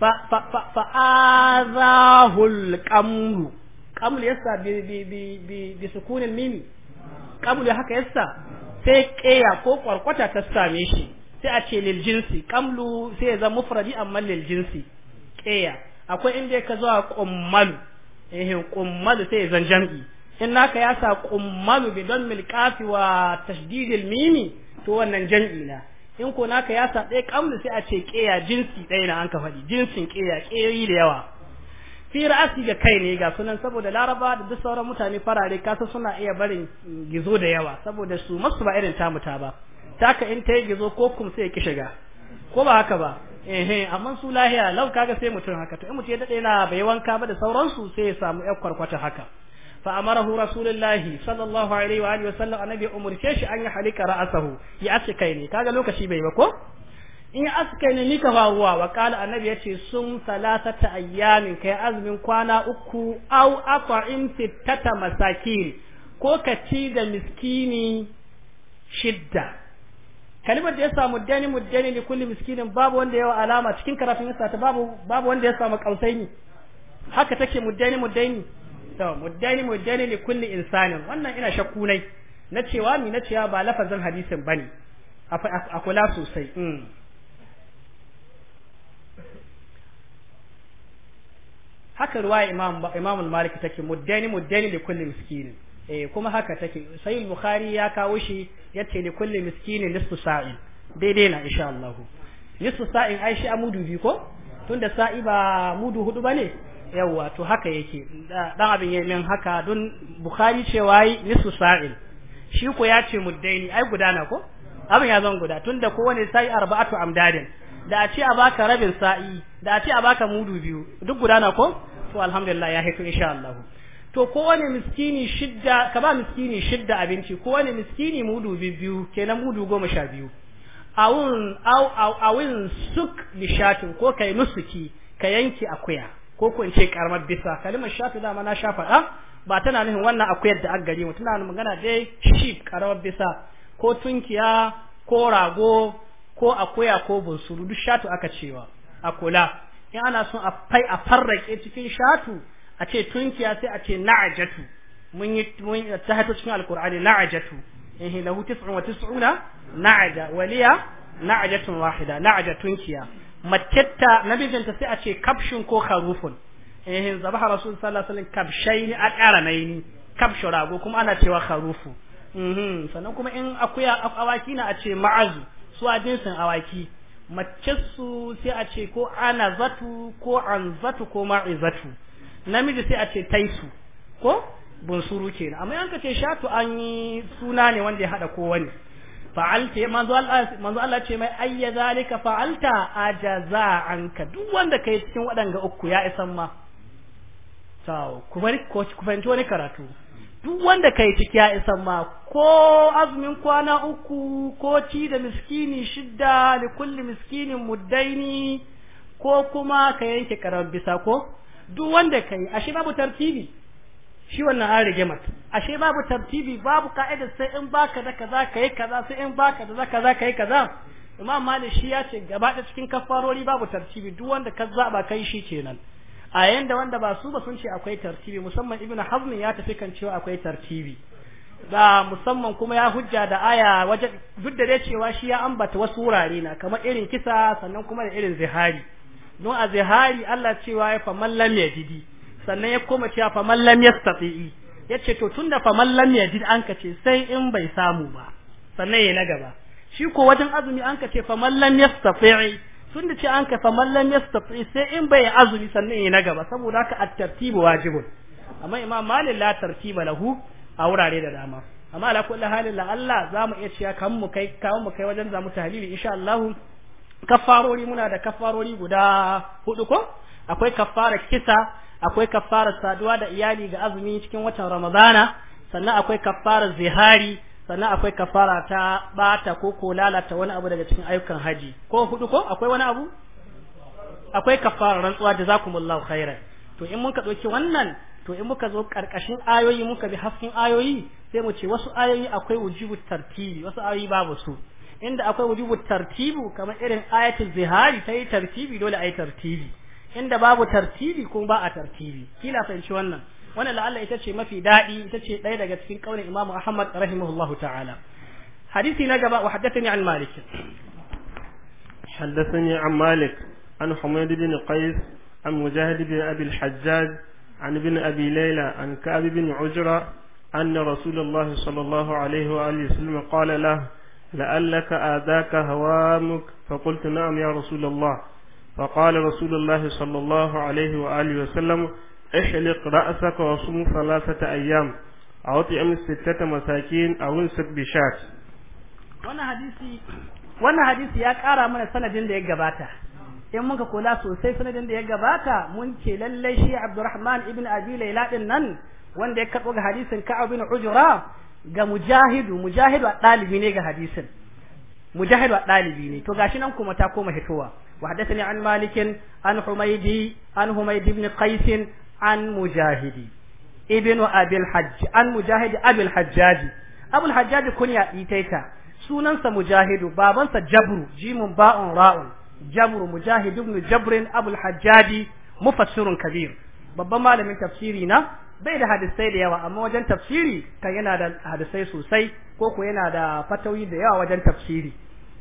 fa fa fa fa azahul qamru qabl yassa bi bi bi bi sukunin mimi qabl haka sai ƙeya ko kwarkwata ta same shi sai a ce lil jinsi qablu sai ya zama mufradi amma lil jinsi qaya akwai inda ka zuwa qummal eh qummal sai ya zan jam'i in naka ya sa qummal bi don qafi wa tashdidil mimi to wannan jam'i na in ko naka ya sa ɗaya qablu sai a ce ƙeya jinsi ɗaya na an ka faɗi jinsin ƙeya ƙeyoyi da yawa fi ra'asi ga kai ne ga sunan saboda laraba da duk sauran mutane farare kasa suna iya barin gizo da yawa saboda su masu ba irin tamu ta ba ka in ta yi gizo ko kum sai ki shiga ko ba haka ba eh amma su lahiya lau kaga sai mutum haka to in mutum ya dade na bai wanka ba da su sai ya samu yar kwarkwata haka fa amarahu rasulullahi sallallahu alaihi wa alihi wa sallam annabi umurce shi an yi halika ra'asahu ya ace kai ne kaga lokaci bai ba ko in aska ne ka faruwa wa kala annabi yace sun salatata ayyamin kai azumin kwana uku au in fitata masakin ko ka ci da miskini shidda kalimar da ya samu dani mudani ne kulli miskinin babu wanda yawa alama cikin karafin yasa ta babu babu wanda ya samu ne. haka take mudani mudani to mudani mudani ne kulli insanin wannan ina shakku nai na cewa ni na cewa ba lafazin hadisin bane a kula sosai mm. haka ruwa imam imam malik take muddani muddani da kulli miskini eh kuma haka take sai bukhari ya kawo shi yace da kulli miskini nisfu sa'in daidai na insha Allah nisfu sa'in ai shi amudu bi ko tunda sa'i ba mudu hudu bane yawa to haka yake dan abin yayi min haka don bukhari ce wai nisfu sa'in shi ko ya ce muddaini ai gudana ko abin ya zan guda tunda kowane sa'i arba'atu amdadin da a ce a baka rabin sa'i da a ce a baka mudu biyu duk gudana ko to alhamdulillah ya haifu insha Allah to kowane miskini shidda ka ba miskini shidda abinci kowane miskini mudu biyu kenan mudu goma sha biyu awun awin suk lishatin ko kai nusuki ka yanki akuya ko ko ce karamar bisa kalimar shafi dama na sha faɗa ba tana nufin wannan akuyar da aggare mu tana magana dai sheep karamar bisa ko tunkiya ko rago ko akuya ko bunsuru duk shatu aka cewa a kula in ana son a fai a farrake cikin shatu a ce tunkiya sai a ce na'ajatu mun yi mun ta hato cikin alqur'ani na'ajatu eh lahu 99 na'aja waliya na'ajatun wahida na'aja tunkiya nabijinta sai a ce kafshin ko kharufun eh zabaha rasul sallallahu alaihi wasallam rago kuma ana cewa kharufu mhm sannan kuma in akuya awaki na a ce ma'azu su a jinsin awaki mace su sai a ce ko ana zatu ko an zatu ko zatu namiji sai a ce taisu ko bunsuru ke amma yanka ce shatu an yi suna ne wanda ya haɗa kowane fa'alta manzo Allah ce mai ayya zalika fa'alta ajaza anka duk wanda kai cikin waɗanga uku ya isan ma ta ku bari ku fahimci wani karatu duk wanda ka yi ciki ya isan ma ko azumin kwana uku ko ci da miskini shidda da kulli miskinin muddaini ko kuma ka yanke karar bisa ko duk wanda ka yi ashe babu tartibi shi wannan an rige mata ashe babu tartibi babu ka'ida sai in baka da kaza yi kaza sai in baka da kaza yi kaza imam malik shi ya ce gaba da cikin kafarori babu tartibi duk wanda ka zaba kai shi kenan a yanda wanda ba su ba sun ce akwai tartibi musamman ibnu hazm ya tafi kan cewa akwai tartibi da musamman kuma ya hujja da aya wajen duk da dai cewa shi ya ambata wasu wurare na kamar irin kisa sannan kuma da irin zihari don a zihari Allah cewa ya faman lam yajidi sannan ya koma cewa faman lam yastati ce to tunda faman lam yajid an kace sai in bai samu ba sannan ya na gaba shi ko wajen azumi an kace faman lam yastati Sun da ce an kafa mallan ya tafi sai in bai azumi sannan yi na gaba saboda haka at-tartibu wajibun amma imam malik la tartiba lahu a wurare da dama amma ala kulli halin la Allah zamu iya cewa kan mu kai kan mu kai wajen zamu tahlili insha Allah kafarori muna da kafarori guda hudu ko akwai kafara kisa akwai kafara saduwa da iyali ga azumi cikin watan ramadana sannan akwai kafara zihari sannan akwai kafara ta bata ko ko lalata wani abu daga cikin ayyukan haji ko hudu ko akwai wani abu akwai kafara rantsuwa jazakumullahu khairan to in muka dauki wannan to in muka zo karkashin ayoyi muka bi haskin ayoyi sai mu ce wasu ayoyi akwai wujubu tartibi wasu ayoyi babu su inda akwai wujubu tartibu kamar irin ayatul zihari ta yi tartibi dole a yi tartibi inda babu tartibi kuma ba a tartibi kila fahimci wannan wannan la'alla ita ce mafi daɗi ita ce ɗaya daga cikin ƙaunin imamu ahmad rahimahullahu ta'ala hadisi na gaba wa haddathani an malik حدثني عن مالك عن حميد بن قيس عن مجاهد بن أبي الحجاج عن ابن أبي ليلى عن كعب بن عجرة أن رسول الله صلى الله عليه وآله وسلم قال له لعلك آذاك هوامك فقلت نعم يا رسول الله فقال رسول الله صلى الله عليه وآله وسلم احلق رأسك وصوم ثلاثة أيام أو طعم ستة مساكين أو انسك بشات wannan hadisi wannan hadisi ya kara mana sanadin da ya gabata in muka kula sosai sanadin da ya gabata mun ce lallai shi Abdurrahman ibn Abi Layla din nan wanda ya karɓo ga hadisin Ka'ab bin Ujra ga Mujahidu Mujahidu a dalibi ne ga hadisin مجاهد والدالبي ني تو غاشي نان كوما تا كوما هتوا وحدثني an malikin an حميدي an حميد بن قيس an mujahidi ibnu abil hajj an mujahidi abil hajjaji abul hajjaji kunya itaita sunansa mujahidu babansa jabru jimun ba'un ra'un jabru mujahid ibn jabrin abul hajjaji mufassirun kabir babban malamin tafsiri na bai da hadisai da yawa amma wajen tafsiri kan yana da hadisai sosai ko ko yana da fatawi da yawa wajen tafsiri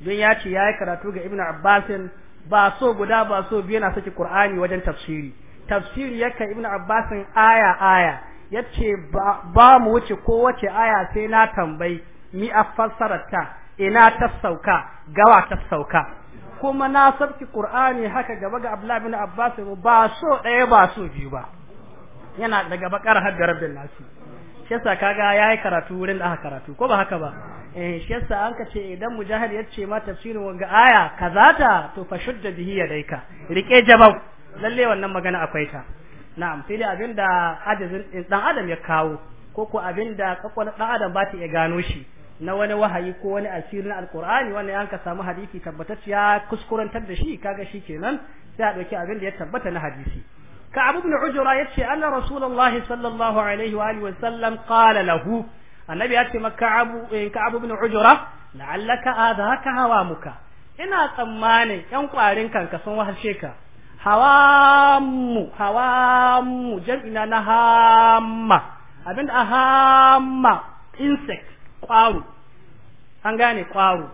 don ya ce yayi karatu ga ibnu abbasin ba so guda ba so biyu yana saki qur'ani wajen tafsiri tafsiri yakan ibnu abbasin aya aya yace ba mu wuce ko wace aya sai na tambayi mi a fassararta ina ta sauka gawa ta sauka kuma na sabki qur'ani haka gaba ga abdullahi ibn abbas ba so ɗaya ba so biyu ba yana daga bakar har da rabbin nasi shi yasa kaga yayi karatu wurin da aka karatu ko ba haka ba eh shi yasa an kace idan mujahid yace ma tafsirin wanga aya kazata to fashudda bihi yadaika rike jabau lalle wannan magana akwai ta na'am sai dai abinda hadisin dan adam ya kawo ko ko abinda kakwal dan adam ba ta iya gano shi na wani wahayi ko wani asirin alkur'ani wanda yan ka samu hadisi tabbatacciya kuskurantar da shi kaga shi kenan sai a dauki abin da ya tabbata na hadisi ka abu ibn ujra yace anna rasulullahi sallallahu alaihi wa alihi wa sallam qala lahu annabi yace maka abu in ka abu eh, ibn ujra la'allaka adhaka hawamuka ina tsammanin yan kwarin kanka sun wahalshe ka hawamu hawamu jam'ina na hamma abinda a hamma insect kwaro an gane kwaro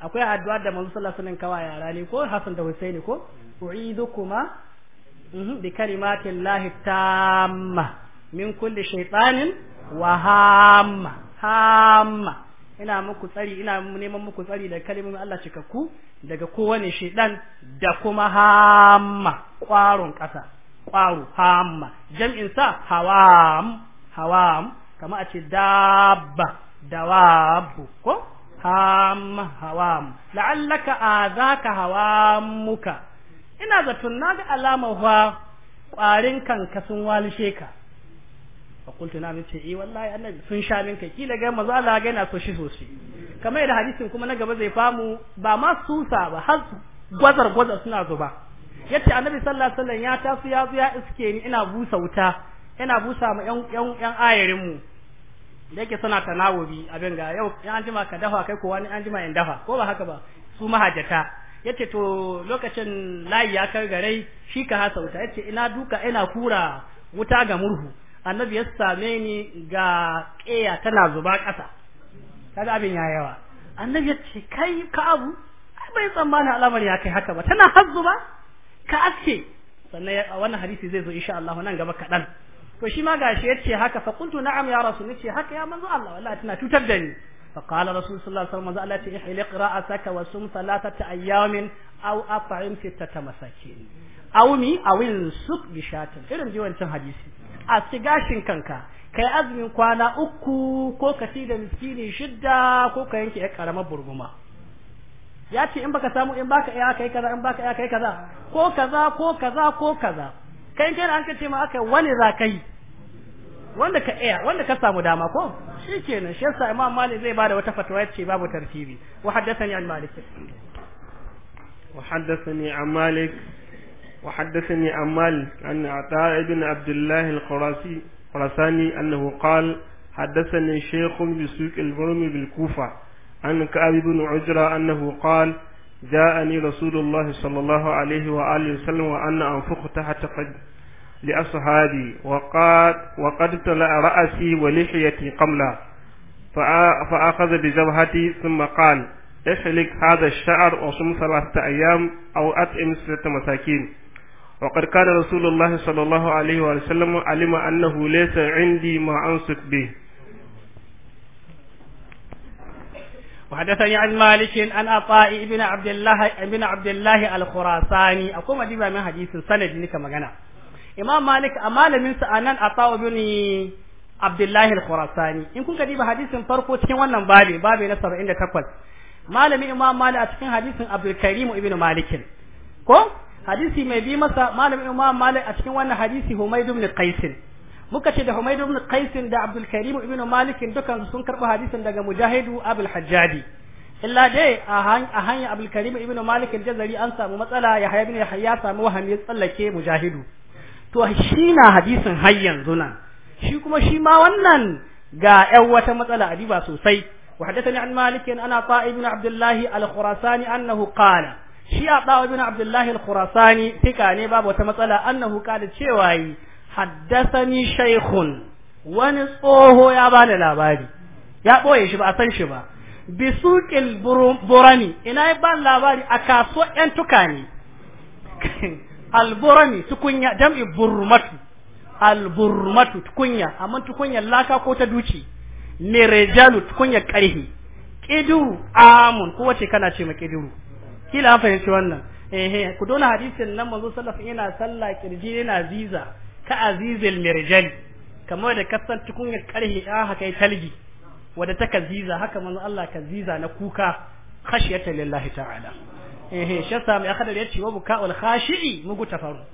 akwai addu'a da manzo sallallahu alaihi wasallam kawai yara ne ko hasan da Husaini ko u'idukuma mhm, bi kalimatin lahi tamma min kulli shaytanin wa hamma hamma ina muku tsari ina neman muku tsari da kalmomin Allah cikakku daga kowane shedan da kuma hamma kwaron kasa kwaro hamma jam'in sa hawam hawam kama a ce dabba dawabu ko ham hawam la'allaka azaka muka ina zaton naga alama wa kwarin kanka sun walishe ka fakultu na mace eh wallahi annabi sun sha min ka kila ga manzo Allah ga yana so shi sosai kamar da hadisin kuma na gaba zai famu ba ma susa ba har gwazar gwazar suna ba. yace annabi sallallahu alaihi ya tasu ya zo ya iske ni ina busa wuta ina busa ma yan yan yan ayarin mu da yake suna tanawubi abin ga yau an ka dafa kai ko wani an jima in dafa ko ba haka ba su mahajjata yace to lokacin layi ya kai garai shi ka hasa wuta yace ina duka ina kura wuta ga murhu annabi ya same ni ga ƙeya tana zuba ƙasa kaga abin ya yawa annabi ya ce kai ka abu bai tsammani al'amari ya kai haka ba tana har zuba ka aske sannan wannan hadisi zai zo insha Allah nan gaba kaɗan to shi ma gashi ya ce haka fa kuntu na'am ya rasul ce haka ya manzo Allah wallahi tana tutar da ni fa qala rasul sallallahu alaihi wasallam Allah ce ihliq ra'asaka wa sum thalathata ayyamin aw ta sittata masakin awmi awin suk bi shatin irin jiwancin hadisi a ci gashin kanka kai azumin kwana uku ko ka ci da miskini shidda ko ka yanke ya karamar burguma ya ce in baka samu in baka iya kai kaza in baka iya kai kaza ko kaza ko kaza ko kaza kai kai an ka ce ma aka wani za ka yi wanda ka iya wanda ka samu dama ko shikenan shi yasa imam malik zai bada wata fatawa ya ce babu tartibi wa haddathani an malik wa haddathani an malik وحدثني أمال عن عطاء بن عبد الله الخراساني أنه قال حدثني شيخ بسوق البرم بالكوفة عن كعب بن عجرة أنه قال جاءني رسول الله صلى الله عليه وآله وسلم وأنا أنفخ تحت قد لأصحابي وقد وقد طلع رأسي ولحيتي قملا فأخذ بجبهتي ثم قال احلق هذا الشعر وصم ثلاثة أيام أو أطعم ستة مساكين وقد كان رسول الله صلى الله عليه وسلم علم أنه ليس عندي ما أنصت به وحدثني عن مالك عن عطاء بن عبد الله بن عبد الله الخراساني اكو مديبا من حديث سند نيكا مغانا امام مالك امال من سانان عطاء بن عبد الله الخراساني ان كنت ديبا حديث فرقو cikin wannan babi babi na 78 malami imam malik a cikin hadisin abdul karim ibn malik ko hadisi mai bi masa malam imam malik a cikin wannan hadisi humayd ibn qais muka ce da humaid ibn qais da abdul karim ibn malik dukan sun karbo hadisin daga mujahidu abul hajjaji illa dai a hanya abul karim ibn malik jazari an samu matsala ya haya ibn ya samu wahami tsallake mujahidu to shi na hadisin har yanzu nan shi kuma shi ma wannan ga ƴan wata matsala diba sosai وحدثني عن مالك أنا طائب بن عبد الله الخراساني أنه قال shi a ɗawa bin abdullahi al-khurasani tika ne babu wata matsala annahu kada cewa yi haddasani shaikhun wani tsoho ya bani labari ya ɓoye shi ba a san shi ba bisuqil burami ina ya bani labari a kaso yan tukani ne alburani tukunya jam'i burmatu alburmatu tukunya amma tukunya laka ko ta duci ne tukunya karhi kidu amun kowace wace kana ce ma kiduru kila an fahimci wannan eh ku dona hadisin nan manzo sallallahu yana sallah kirji yana ziza ka azizil mirjal kamar da kasan tukun karhi a haka kai talgi wadda ta kaziza haka manzo Allah ka ziza na kuka khashiyatan lillahi ta'ala eh shi yasa mai akadar yace wa bukaul khashi'i mugu tafaru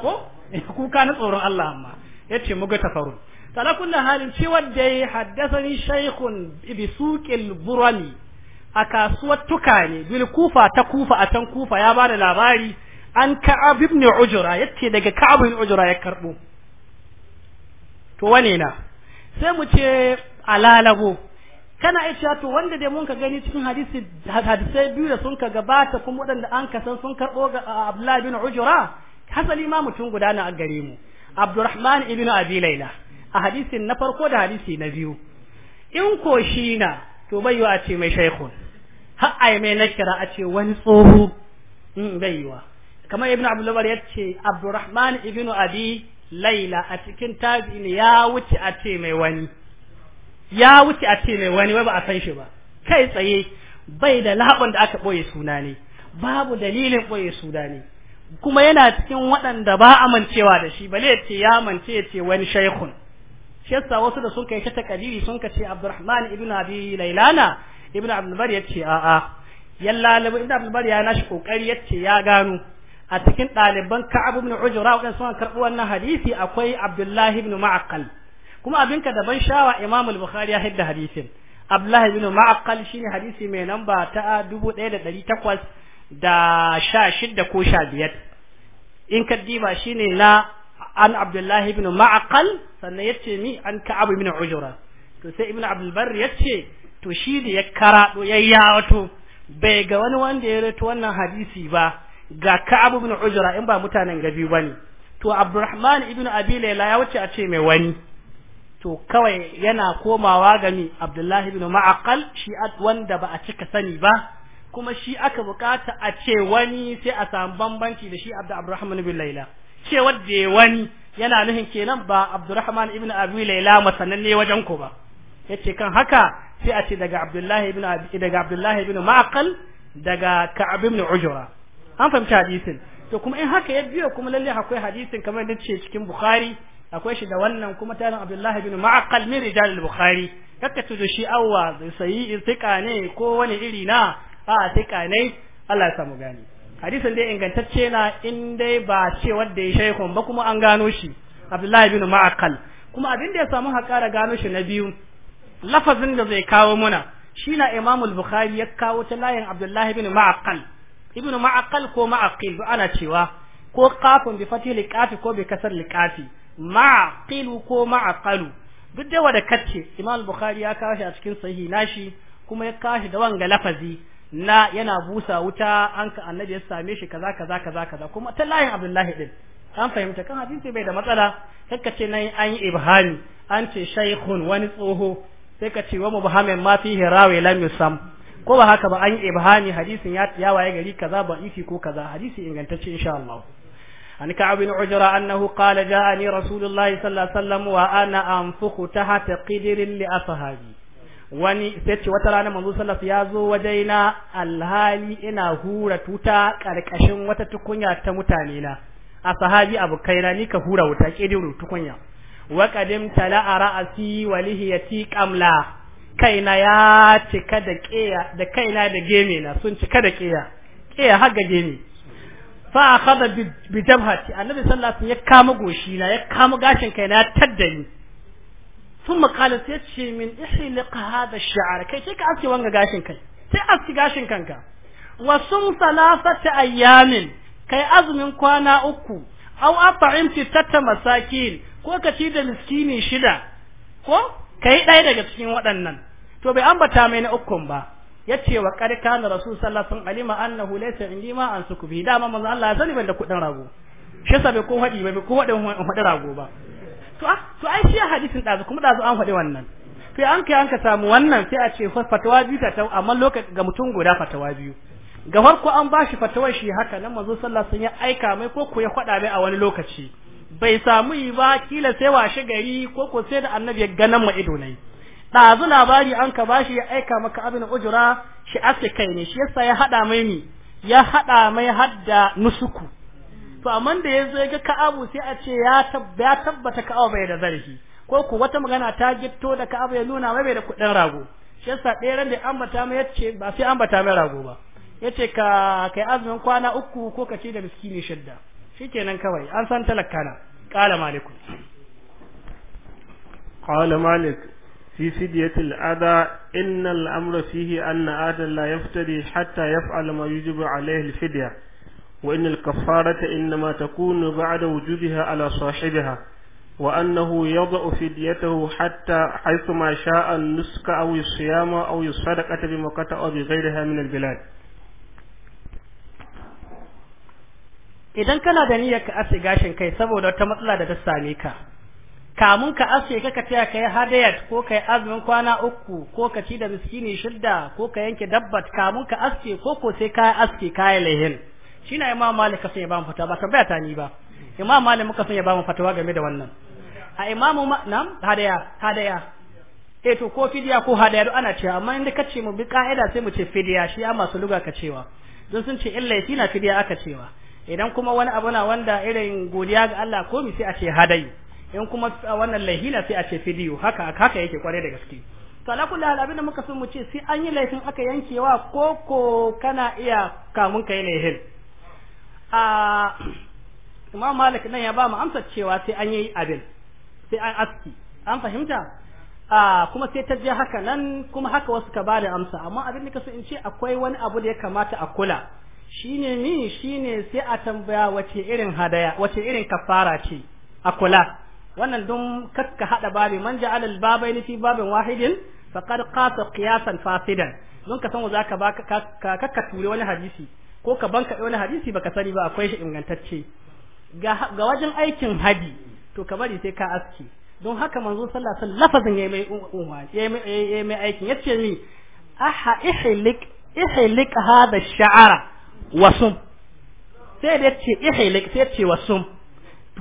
ko eh, kuka na tsoron Allah amma yace mugu tafaru tala kullu halin ci da ya haddasa ni shaykhun bi suqil burani a kasuwar tukane bil kufa ta kufa a can kufa ya bada labari an ka'ab ibn ujra yace daga ka'ab ibn ujra ya karbo to wane na sai mu ce alalago kana aisha to wanda dai mun ka gani cikin hadisi hadisai biyu da sun ka gabata kuma waɗanda an ka san sun karɓo ga abdullahi ibn ujra hasali ma mutum guda na a gare mu abdurrahman ibn abi laila a hadisin na farko da hadisi na biyu in ko shi na to bai a ce mai shaikhun har ai na kira a ce wani tsoho in mm, bai yiwa kamar ibnu abdulbar ya ce abdurrahman ibn abi laila a cikin tabi'in ya wuce a ce mai wani ya wuce a ce mai wani wai ba a san shi ba kai tsaye bai da laban da aka boye suna ne babu dalilin boye suna ne kuma yana cikin waɗanda ba amincewa da shi bale ce ya mance ya ce wani shaikhun shi yasa wasu da sun kai ta takadiri sun ka ce Abdurrahman ibn Abi Lailana ibn abdul bari yace a'a yan yallalabu ibn abdul bari ya nashi kokari yace ya gano a cikin ɗaliban ka'ab ibn ujra wadan sun karɓi wannan hadisi akwai abdullahi ibn ma'aqal kuma abinka daban shawa imam al-bukhari ya hidda hadisin abdullahi ibn ma'aqal shine hadisi mai namba ta 1800 da sha shidda ko sha biyar in ka diba shine na an abdullahi ibn ma'aqal sannan yace ni an ka'ab ibn ujra to sai ibn abdul yace to shi da ya karaɗo ya yi yawato bai ga wani wanda ya rato wannan hadisi ba ga Ka'ab ibn Ujra in ba mutanen gabi ne to Abdurrahman ibn Abi laila ya wuce a ce mai wani to kawai yana komawa ga ni Abdullahi ibn Ma'aqal shi wanda ba a cika sani ba kuma shi aka bukata a ce wani sai a samu bambanci da shi abda Abdurrahman ibn laila ce ya wani yana nuhin kenan ba Abdurrahman ibn Abi Layla masananne wajen ku ba yace kan haka sai a ce daga Abdullahi ibn daga Abdullahi ibn Ma'qal daga Ka'ab ibn Ujra an fahimci hadisin to kuma in haka ya biyo kuma lalle akwai hadisin kamar da ce cikin Bukhari akwai shi da wannan kuma tarin Abdullahi ibn Ma'qal min rijal al-Bukhari to da shi awwa sai tsiqa ne ko wani iri na a tsiqa ne Allah ya samu gani hadisin dai ingantacce na in dai ba ce wanda ya shaykhun ba kuma an gano shi Abdullahi ibn Ma'qal kuma abin da ya samu haƙara gano shi na biyu lafazin da zai kawo muna shi na imamul bukhari ya kawo ta layin abdullahi bin ma'aqal ibn ma'aqal ko ma'aqil ana cewa ko kafin bi fatih liqafi ko bi kasar liqafi ma'aqilu ko ma'aqalu duk da wanda kace imamul bukhari ya kawo shi a cikin sahihi nashi kuma ya kawo shi da wanga lafazi na yana busa wuta an ka annabi ya same shi kaza kaza kaza kaza kuma ta layin abdullahi din an fahimta kan hadisi bai da matsala kakkace nan an yi ibhani an ce shaykhun wani tsoho sai ka ce wa mubhamin ma fi rawi lam yusam ko ba haka ba an ibhami hadisin ya ya waye gari kaza ba ifi ko kaza hadisi ingantacce insha Allah an ka abin ujra annahu qala ja'ani rasulullahi sallallahu alaihi wasallam wa ana anfukhu tahta qidrin li ashabi wani sai ce wata rana manzo sallallahu ya zo wajaina alhali ina hura tuta karkashin wata tukunya ta mutane na a sahabi abokaina ni ka hura wuta kidiru tukunya wa kadim tala a ra'asi wa lihiyati kamla kaina ya cika da kiya da kaina da geme na sun cika da kiya kiya har ga geme fa akhadha bi jabhati annabi sallallahu alaihi wasallam ya kama goshi na ya kama gashin kaina ya taddani sun makalar sai ce min ihi liqa hada sha'ar kai sai ka aski wanga gashin kai sai aski gashin kanka wa sun salasata ayyamin kai azumin kwana uku aw at'imti tatta masakin ko ka ci da miskini shida ko ka yi ɗaya daga cikin waɗannan to bai ambata mai na ukun ba ce wa qad kana rasul sallallahu alaihi wasallam alima annahu in indi ma an suku bi dama manzo Allah ya sani ban da kuɗin rago shi sa bai ko haɗi bai ko haɗin haɗi rago ba to a ah, to ai shi hadisin ɗazu kuma ɗazu an haɗi wannan to an kai an ka samu wannan sai a ce fatawa biyu ta amma lokaci ga mutum guda fatawa biyu ga farko an bashi fatawar shi haka nan manzo sallallahu alaihi wasallam ya aika mai ko ku ya faɗa mai a wani lokaci bai samu yi ba kila sai washe gari ko ko sai da annabi ya ganan ma ido ne ɗazu labari an ka bashi ya aika maka abin ujura shi aske kai ne shi yasa ya haɗa mai ni ya hada mai hadda nusuku to amma da ya ya ga ka'abu sai a ce ya tabbata ka'abu bai da zarfi ko ku wata magana ta gitto da ka'abu ya nuna mai bai da kuɗin rago shi yasa ɗaya ran da ambata mai yace ba sai ambata mai rago ba yace ka kai azumin kwana uku ko ka ce da miskini shidda shikenan kawai an san talaka kala malik qala malik fi sidiyati al-ada inna al-amra fihi anna adan la yaftari hatta yaf'al ma yujibu alayhi al-fidya wa inna al-kaffarata inma takunu ba'da wujubiha ala sahibiha wa annahu yad'u fidyatahu hatta haythu ma sha'a an-nusqa aw as-siyama aw yusaddaqata bi maqata aw bi ghayriha min al-bilad idan kana da niyyar ka ase gashin kai saboda wata matsala da ta same ka kamun ka ase ka ka taya kai hadayat ko kai azumin kwana uku ko ka ci da miskini shidda ko ka yanke dabbat kamun ka aske ko ko sai ka aske kai lahin shi na imam malik ka ya ba mu fatawa ba ka ta ni ba imam malik muka san ya ba mu fatawa game da wannan a imamu nam hadaya hadaya eh to ko fidiya ko hadaya ana cewa amma inda kace mu bi ka'ida sai mu ce fidiya shi amma su luga ka cewa don sun ce illa shi na fidiya aka cewa idan kuma wani abu na wanda irin godiya ga Allah ko mi sai a ce hadayu in kuma wannan lahila sai a ce fidiyu haka haka yake kware da gaske to ala kulli hal abinda muka so mu ce sai an yi laifin aka yankewa ko ko kana iya kamun kai laifin a kuma Malik nan ya ba mu amsa cewa sai an yi abin sai an aski an fahimta a kuma sai ta je haka nan kuma haka wasu ka bada amsa amma abin da ka in ce akwai wani abu da ya kamata a kula shine ni shine sai a tambaya wace irin hadaya wace irin kafara ce a kula wannan dun kaska hada babi man alal al-babaini fi babin wahidin faqad qata qiyasan fasidan don ka san wa zaka ba kakka ture wani hadisi ko ka banka wani hadisi baka sani ba akwai shi ingantacce ga wajen aikin hadi to ka bari sai ka aski don haka manzo sallallahu alaihi wasallam lafazin yayi mai umma yayi mai aikin yace ni aha ihlik ihlik hada sha'ara wasum sai da ce ihilak sai ce wasum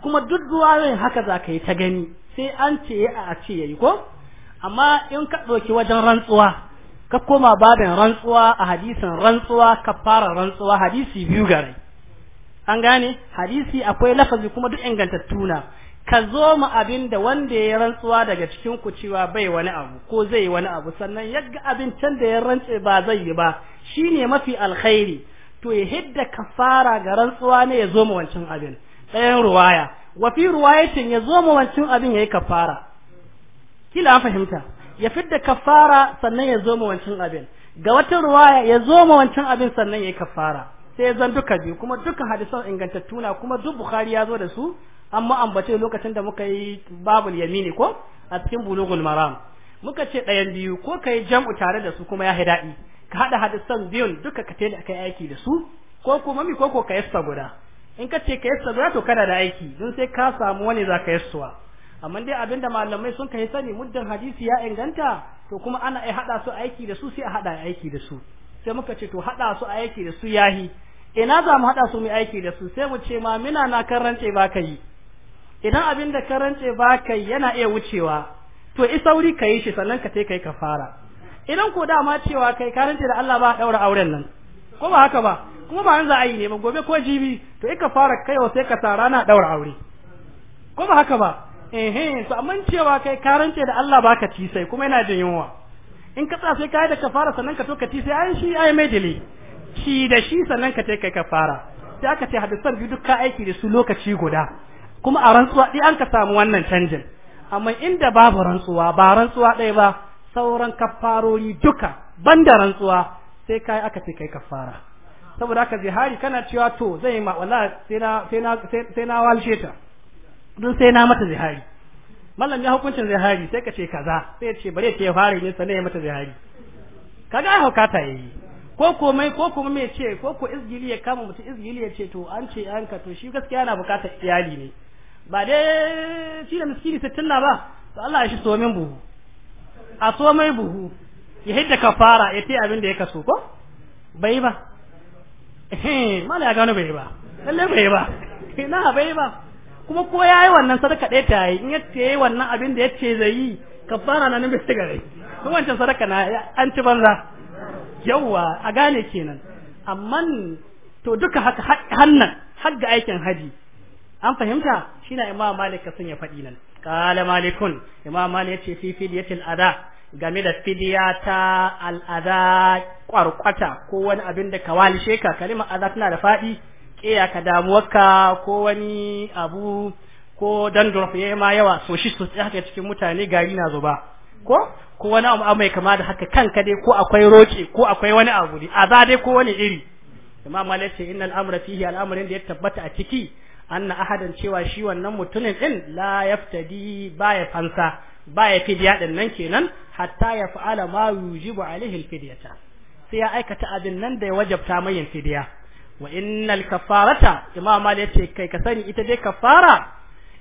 kuma duk ruwayoyin haka za ka yi ta gani sai an ce ya a ce ya yi ko amma in ka ɗauki wajen rantsuwa ka koma babin rantsuwa a hadisin rantsuwa ka fara rantsuwa hadisi biyu gare an gane hadisi akwai lafazi kuma duk ingantattuna ka zo ma abin da wanda ya rantsuwa daga cikin ku cewa bai wani abu ko zai wani abu sannan yadda abin can da ya rantse ba zai yi ba shine mafi alkhairi to ya hidda kafara ga rantsuwa ne ya zo ma wancin abin ɗayan ruwaya wa fi ya zo ma wancin abin yi kafara kila an fahimta ya fidda kafara sannan ya zo ma wancin abin ga wata ruwaya ya zo ma wancin abin sannan ya yayi kafara sai zan duka biyu kuma dukkan hadisan ingantattu na kuma duk bukhari ya zo da su amma bace lokacin da muka yi babul yamini ko a cikin bulugul maram muka ce ɗayan biyu ko kai jam'u tare da su kuma ya hidaɗi daɗi ka haɗa hadisan biyun duka ka tayi kai aiki da su ko kuma mi ko ko ka yassa guda in ka ce ka yassa guda to kana da aiki don sai ka samu wani za ka yassuwa amma dai abinda malamai sun kai sani muddin hadisi ya inganta to kuma ana ai haɗa su aiki da su sai a haɗa aiki da su sai muka ce to haɗa su aiki da su yahi ina za mu haɗa su mu aiki da su sai mu ce ma mina na karance ba ka yi idan abin da karance ba ka yi yana iya wucewa to isauri ka yi shi sannan ka kai ka fara idan ko da ma cewa kai karanta da Allah ba a daura auren nan ko ba haka ba kuma ba an za a yi ne ba gobe ko jibi to in ka fara wa sai ka tsara na daura aure ko ba haka ba eh to amma cewa kai karance da Allah ba ka ci sai kuma yana jin yunwa in ka tsaya sai ka yi da kafara sannan ka to ka ci sai ai shi ai mai dili ci da shi sannan ka kai kafara sai aka ce hadisan biyu duka aiki da su lokaci guda kuma a rantsuwa dai an ka samu wannan canjin amma inda babu rantsuwa ba rantsuwa ɗaya ba sauran kafarori duka banda rantsuwa sai kai aka ce kai kafara saboda haka zihari kana cewa to zai ma wala sai na sai na sai na walshe ta dun sai na mata zihari mallam ya hukuncin zihari sai ka ce kaza sai ya ce bare ce ya fara ne sanai ya mata zihari kaga ai hukata yayi ko ko mai ko kuma mai ce ko ko izgili ya kama mutum izgili ya ce to an ce an ka to shi gaskiya yana bukatar iyali ne ba dai shi da miskini sittin tunna ba to Allah ya shi so min buhu a so mai buhu ya hidda kafara ya ce abin da ya kaso ko bai ba mala ya gano bai ba lalle bai ba na bai ba kuma ko ya yi wannan sadaka ɗaya ta yi in ya ce wannan abin da ya ce zai yi kafara na nufin bai gare ko wancan sadaka na an ci banza yawwa a gane kenan amma to duka haka hannan har ga aikin haji an fahimta na imam malik sun ya faɗi nan Kala malikun imam malik yace fi fidiyatil ada game da fidiya ta al'aza kwarkwata ko wani abin da kawali sheka kalimar aza tana da faɗi ƙeya ka damuwarka ko wani abu ko dandruff ya ma yawa so shi so haka cikin mutane gari na zuba ko ko wani abu mai kama da haka kan dai ko akwai roke ko akwai wani abu ne aza dai ko wani iri imam malik ce innal amra fihi al'amarin da ya tabbata a ciki anna ahadan cewa shi wannan mutumin din la yaftadi baya fansa ba ya fidiya din nan kenan hatta ya fa'ala ma yujibu alaihi alfidiyata sai ya aikata abin nan da ya wajabta mai fidya fidiya wa innal kafarata imam mal yace kai ka sani ita dai kafara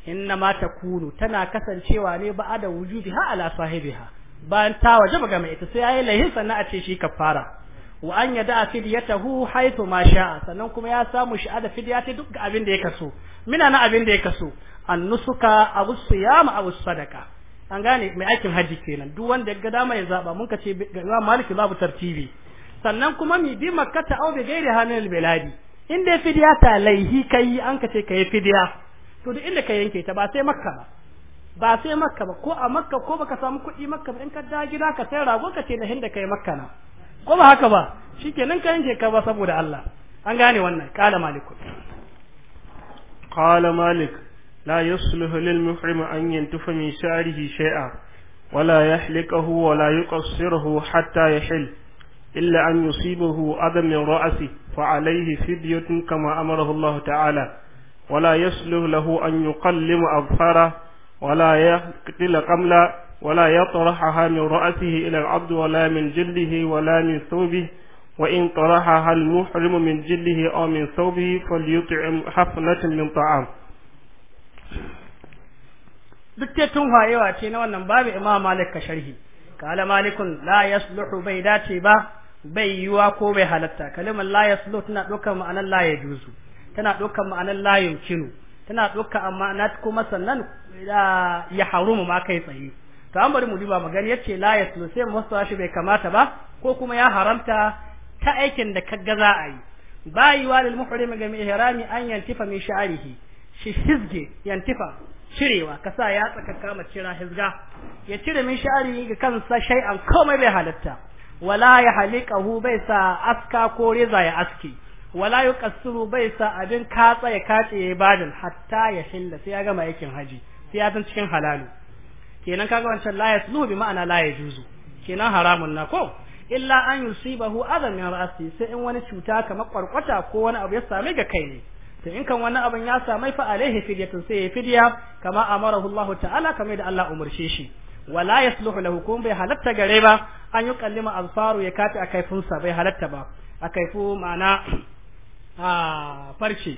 inna ma takunu tana kasancewa ne ba da wujubi ha ala sahibiha bayan ta wajaba ga mai ita sai yayi lahin sannan a ce shi kafara wa an yada fidyatahu haythu ma sha'a sannan kuma ya samu shi ada ta duk abin da ya kaso mina na abin da ya kaso annusuka abu siyama abu sadaka an gane mai aikin haji kenan duk wanda ya ga dama ya zaba mun kace ga maliki babu tartibi sannan kuma mi bi makkata aw bi ghairi hanil biladi inda fidiya ta laihi kai an kace kai fidiya to duk inda ka yanke ta ba sai makka ba ba sai makka ba ko a makka ko baka samu kuɗi makka ba in ka da gida ka sai rago ka ce da kai makka na ko ba haka ba shikenan ka yanke ka ba saboda Allah an gane wannan kala malik. qala malik لا يصلح للمحرم أن ينتف من شعره شيئا ولا يحلقه ولا يقصره حتى يحل إلا أن يصيبه أذى من رأسه فعليه فدية كما أمره الله تعالى ولا يصلح له أن يقلم أظفاره ولا يقتل قملا ولا يطرحها من رأسه إلى العبد ولا من جلده ولا من ثوبه وإن طرحها المحرم من جلده أو من ثوبه فليطعم حفنة من طعام duk te tun wayewa ce na wannan babu imam malik ka sharhi kala malikun la yasluhu bai dace ba bai yiwa ko bai halatta kalimar la yasluhu tana ɗaukar ma'anar la ya tana ɗaukar ma'anar la yumkinu tana ɗaukar amana kuma sannan ya harumu ma kai tsaye to an bari mu duba magani yace la yasluhu sai mustawa shi bai kamata ba ko kuma ya haramta ta aikin da kaga za a yi Bayiwa lil muhrim ga mai ihrami an yantifa mi sha'rihi shi hizge yantifa cirewa ka sa ya tsaka kama cira hizga ya cire min sha'ari ga kansa shay'an komai bai halatta wala ya halikahu bai sa aska ko reza ya aski wala kasuru bai sa abin katsa ya kace ya badal hatta ya hilla sai ya gama yakin haji sai ya san cikin halalu kenan kaga wancan la yaslu bi ma'ana la yajuzu kenan haramun na ko illa an yusibahu adam min ra'si sai in wani cuta kamar kwarkwata ko wani abu ya same ga kai ne to in kan wani abin ya samai fa alaihi fidyatun sai ya fidya kama amarahu Allah ta'ala kamar da Allah umurce shi wala yasluhu lahu kun bai halatta gare ba an yi kallima alfaru ya kafi a sa bai halatta ba a kaifu ma'ana a farce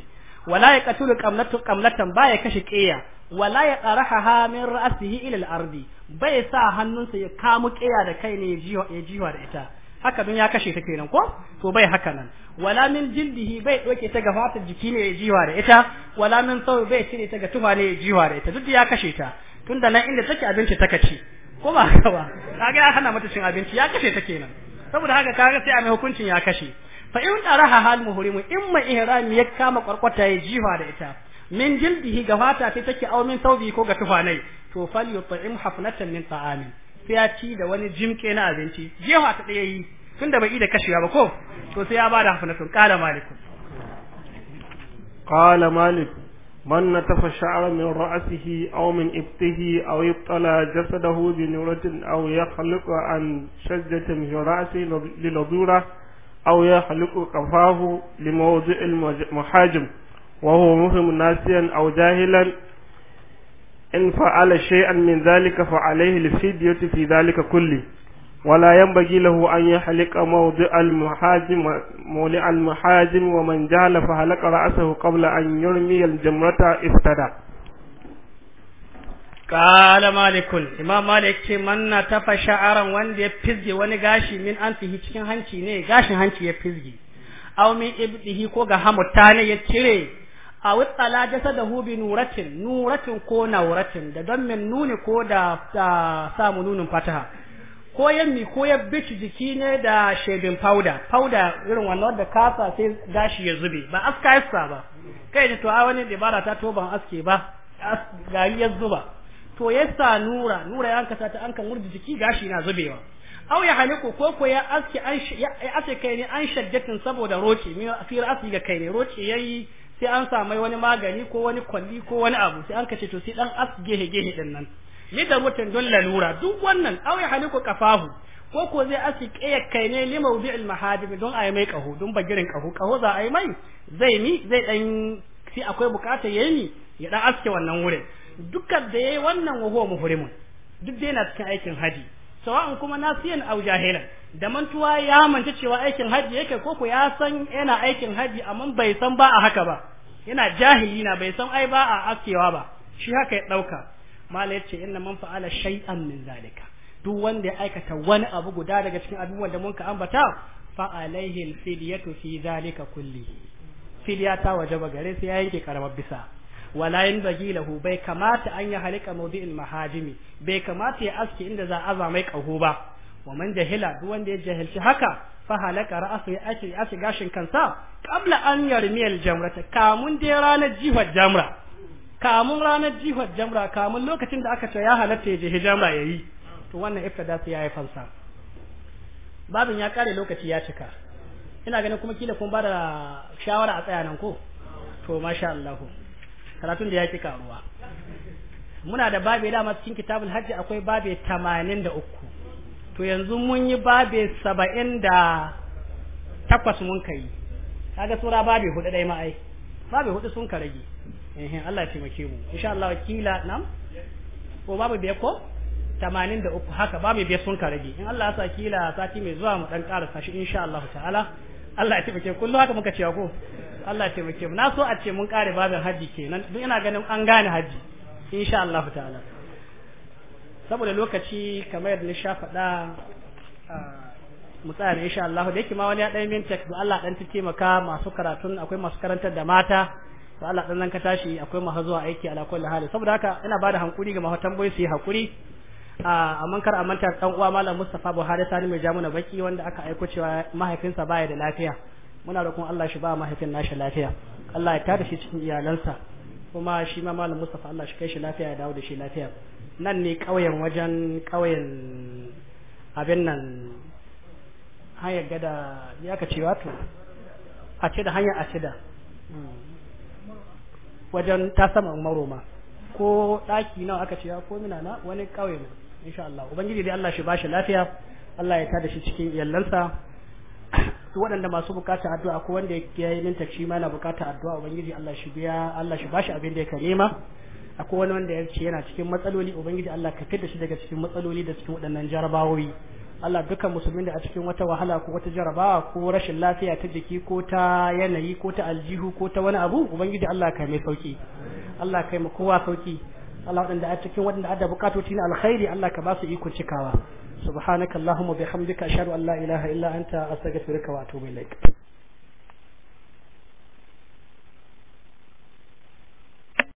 wala ya katulu kamlatan ba ya kashe ƙeya wala ya tsaraha min ra'asihi ila al-ardi bai sa hannunsa ya kamu ƙeya da kai ne ya jiwa da ita haka dun ya kashe ta kenan ko to bai haka nan wala min jildihi bai doke ta ga fatar jiki ne ya jiwa da ita wala min sau bai cire ta ga tufa ne ya jiwa da ita duk ya kashe ta tunda nan inda take abinci ta kace ko ba haka ba kaga ya hana mata cin abinci ya kashe ta kenan saboda haka kaga sai a mai hukuncin ya kashe fa in daraha hal muhrimu in ma ihram ya kama kwarkwata ya jiwa da ita min jildihi ga fata ta take au min ko ga tufa ne to fal yut'im hafnatan min ta'amin sai ya ci da wani jimke na abinci jefa ta ɗaya yi tun da bai da kashewa ba ko to sai ya bada sun kala malik qala malik man natafa sha'ra min ra'sihi aw min ibtihi aw yabtala jasadahu bi nuratin aw yakhluqu an shajjatin min ra'si liladura aw yakhluqu qafahu li mawdi'il muhajim wa huwa muhim nasiyan aw jahilan in fa'ala shay'an min dhalika fa alayhi al-fidyat fi dhalika kulli wa la yanbaghi lahu an yahliqa mawdi al-muhajim mawli al-muhajim wa man jahala fa halaka ra'sahu qabla an yurmi al-jamrata istada kala malikul imam malik ce man na tafa sha'aran wanda ya fizge wani gashi min an cikin hanci ne gashin hanci ya fizge aw min ibdihi ko ga hamutane ya cire a wutsala jasadahu bi nuratin nuratin ko nauratin da don min nuni ko da samu nunin fataha ko yammi ko ya bici jiki ne da shebin fauda fauda irin wannan wanda kasa sai gashi ya zube ba aska yasa ba kai da to a wani dabara ta to ban aske ba gari ya zuba to yasa nura nura ya ankasa ta kan murji jiki gashi na zubewa aw ya haliku ko ko ya aske an ya aske kai ne an shaddatin saboda roki mi asira asli ga kai ne roki yayi sai an samai wani magani ko wani kwalli ko wani abu sai an kace to sai dan as gehe gehe din nan ni da mutum don lalura duk wannan aw ya haliku kafahu ko ko zai asi kaya kai ne li mawdi'il mahadib don ayi mai kaho don bagirin kaho kaho za ayi mai zai ni zai dan sai akwai bukatar yayi ni ya dan aske wannan wurin dukkan da yayi wannan wa huwa muhrimun duk dai na cikin aikin haji sawa'un kuma nasiyan aw jahilan da mantuwa ya manta cewa aikin haji yake ko ku ya san yana aikin haji amma bai san ba a haka ba yana jahili na bai san ai ba a askewa ba shi haka ya dauka mala yace inna man fa'ala shay'an min zalika duk wanda ya aikata wani abu guda daga cikin abubuwan da mun ka ambata fa alaihi alfidiyatu fi zalika kullihi fidiya ta wajaba gare sai ya yanke karamar bisa wala yanbaghi lahu bai kamata an yi halika mawdi'il mahajimi bai kamata ya aske inda za a mai kaho ba wa man jahila duk wanda ya jahilci haka fa halaka ra'su ya ashi ashi gashin kansa kabla an yarmiyal jamrata kamun da ranar jihar jamra kamun ranar jihar jamra kamun lokacin da aka ce ya halatta ya jihar jamra yayi to wannan iftada ya yi fansa babin ya kare lokaci ya cika ina ganin kuma kila kun ba da shawara a tsaya nan ko to masha Allah karatun da ya fi karuwa muna da babe dama cikin kitabul hajji akwai babe tamanin da uku to yanzu mun yi babe saba'in da takwas mun kai kaga sura babe hudu dai ma ai babe hudu sun ka rage eh Allah ya taimake mu insha Allah wakila nam ko babe biye ko tamanin da uku haka babe biye sun ka rage in Allah ya sa kila sati mai zuwa mu dan karasa shi insha Allah ta'ala Allah ya taimake kullum haka muka cewa ko Allah ya taimake mu na so a ce mun kare babin haji kenan duk ina ganin an gane haji insha Allah ta'ala saboda lokaci kamar yadda na sha faɗa mu tsaya insha Allah da yake ma wani ya ɗan min tech da Allah dan tike taimaka masu karatun akwai masu karantar da mata to Allah dan nan ka tashi akwai mahazuwa aiki ala kulli hali saboda haka ina bada hankuri ga mahatan boy su yi hakuri a kar a manta dan uwa malam Mustafa Buhari Sani mai jamuna baki wanda aka aiko cewa mahaifinsa baya da lafiya muna roƙon Allah shi ba mahaifin nashi lafiya Allah ya tada shi cikin iyalansa kuma shi ma malam Mustafa Allah shi kai shi lafiya ya dawo da shi lafiya nan ne ƙauyen wajen ƙauyen abin nan hanyar gada ya ka ce wato a ce da hanyar a ce da wajen ta sama maroma ko ɗaki nawa aka ce ko mina na wani ƙauye ne insha Allah ubangiji dai Allah shi ba shi lafiya Allah ya tada shi cikin iyalansa su waɗanda masu bukata addu'a ko wanda ya yi min shi ma na bukata addu'a ubangiji Allah shi biya Allah shi shi abin da yake nema akwai wani wanda ya ce yana cikin matsaloli ubangiji Allah ka fitar da shi daga cikin matsaloli da cikin waɗannan jarabawoyi Allah dukkan musulmin da a cikin wata wahala ko wata jarabawa ko rashin lafiya ta jiki ko ta yanayi ko ta aljihu ko ta wani abu ubangiji Allah ka mai sauki Allah kai mu kowa sauki Allah waɗanda a cikin waɗanda ada bukatoci na alkhairi Allah ka ba su ikon cikawa subhanakallahumma bihamdika ashhadu an la ilaha illa anta astaghfiruka wa atubu ilaik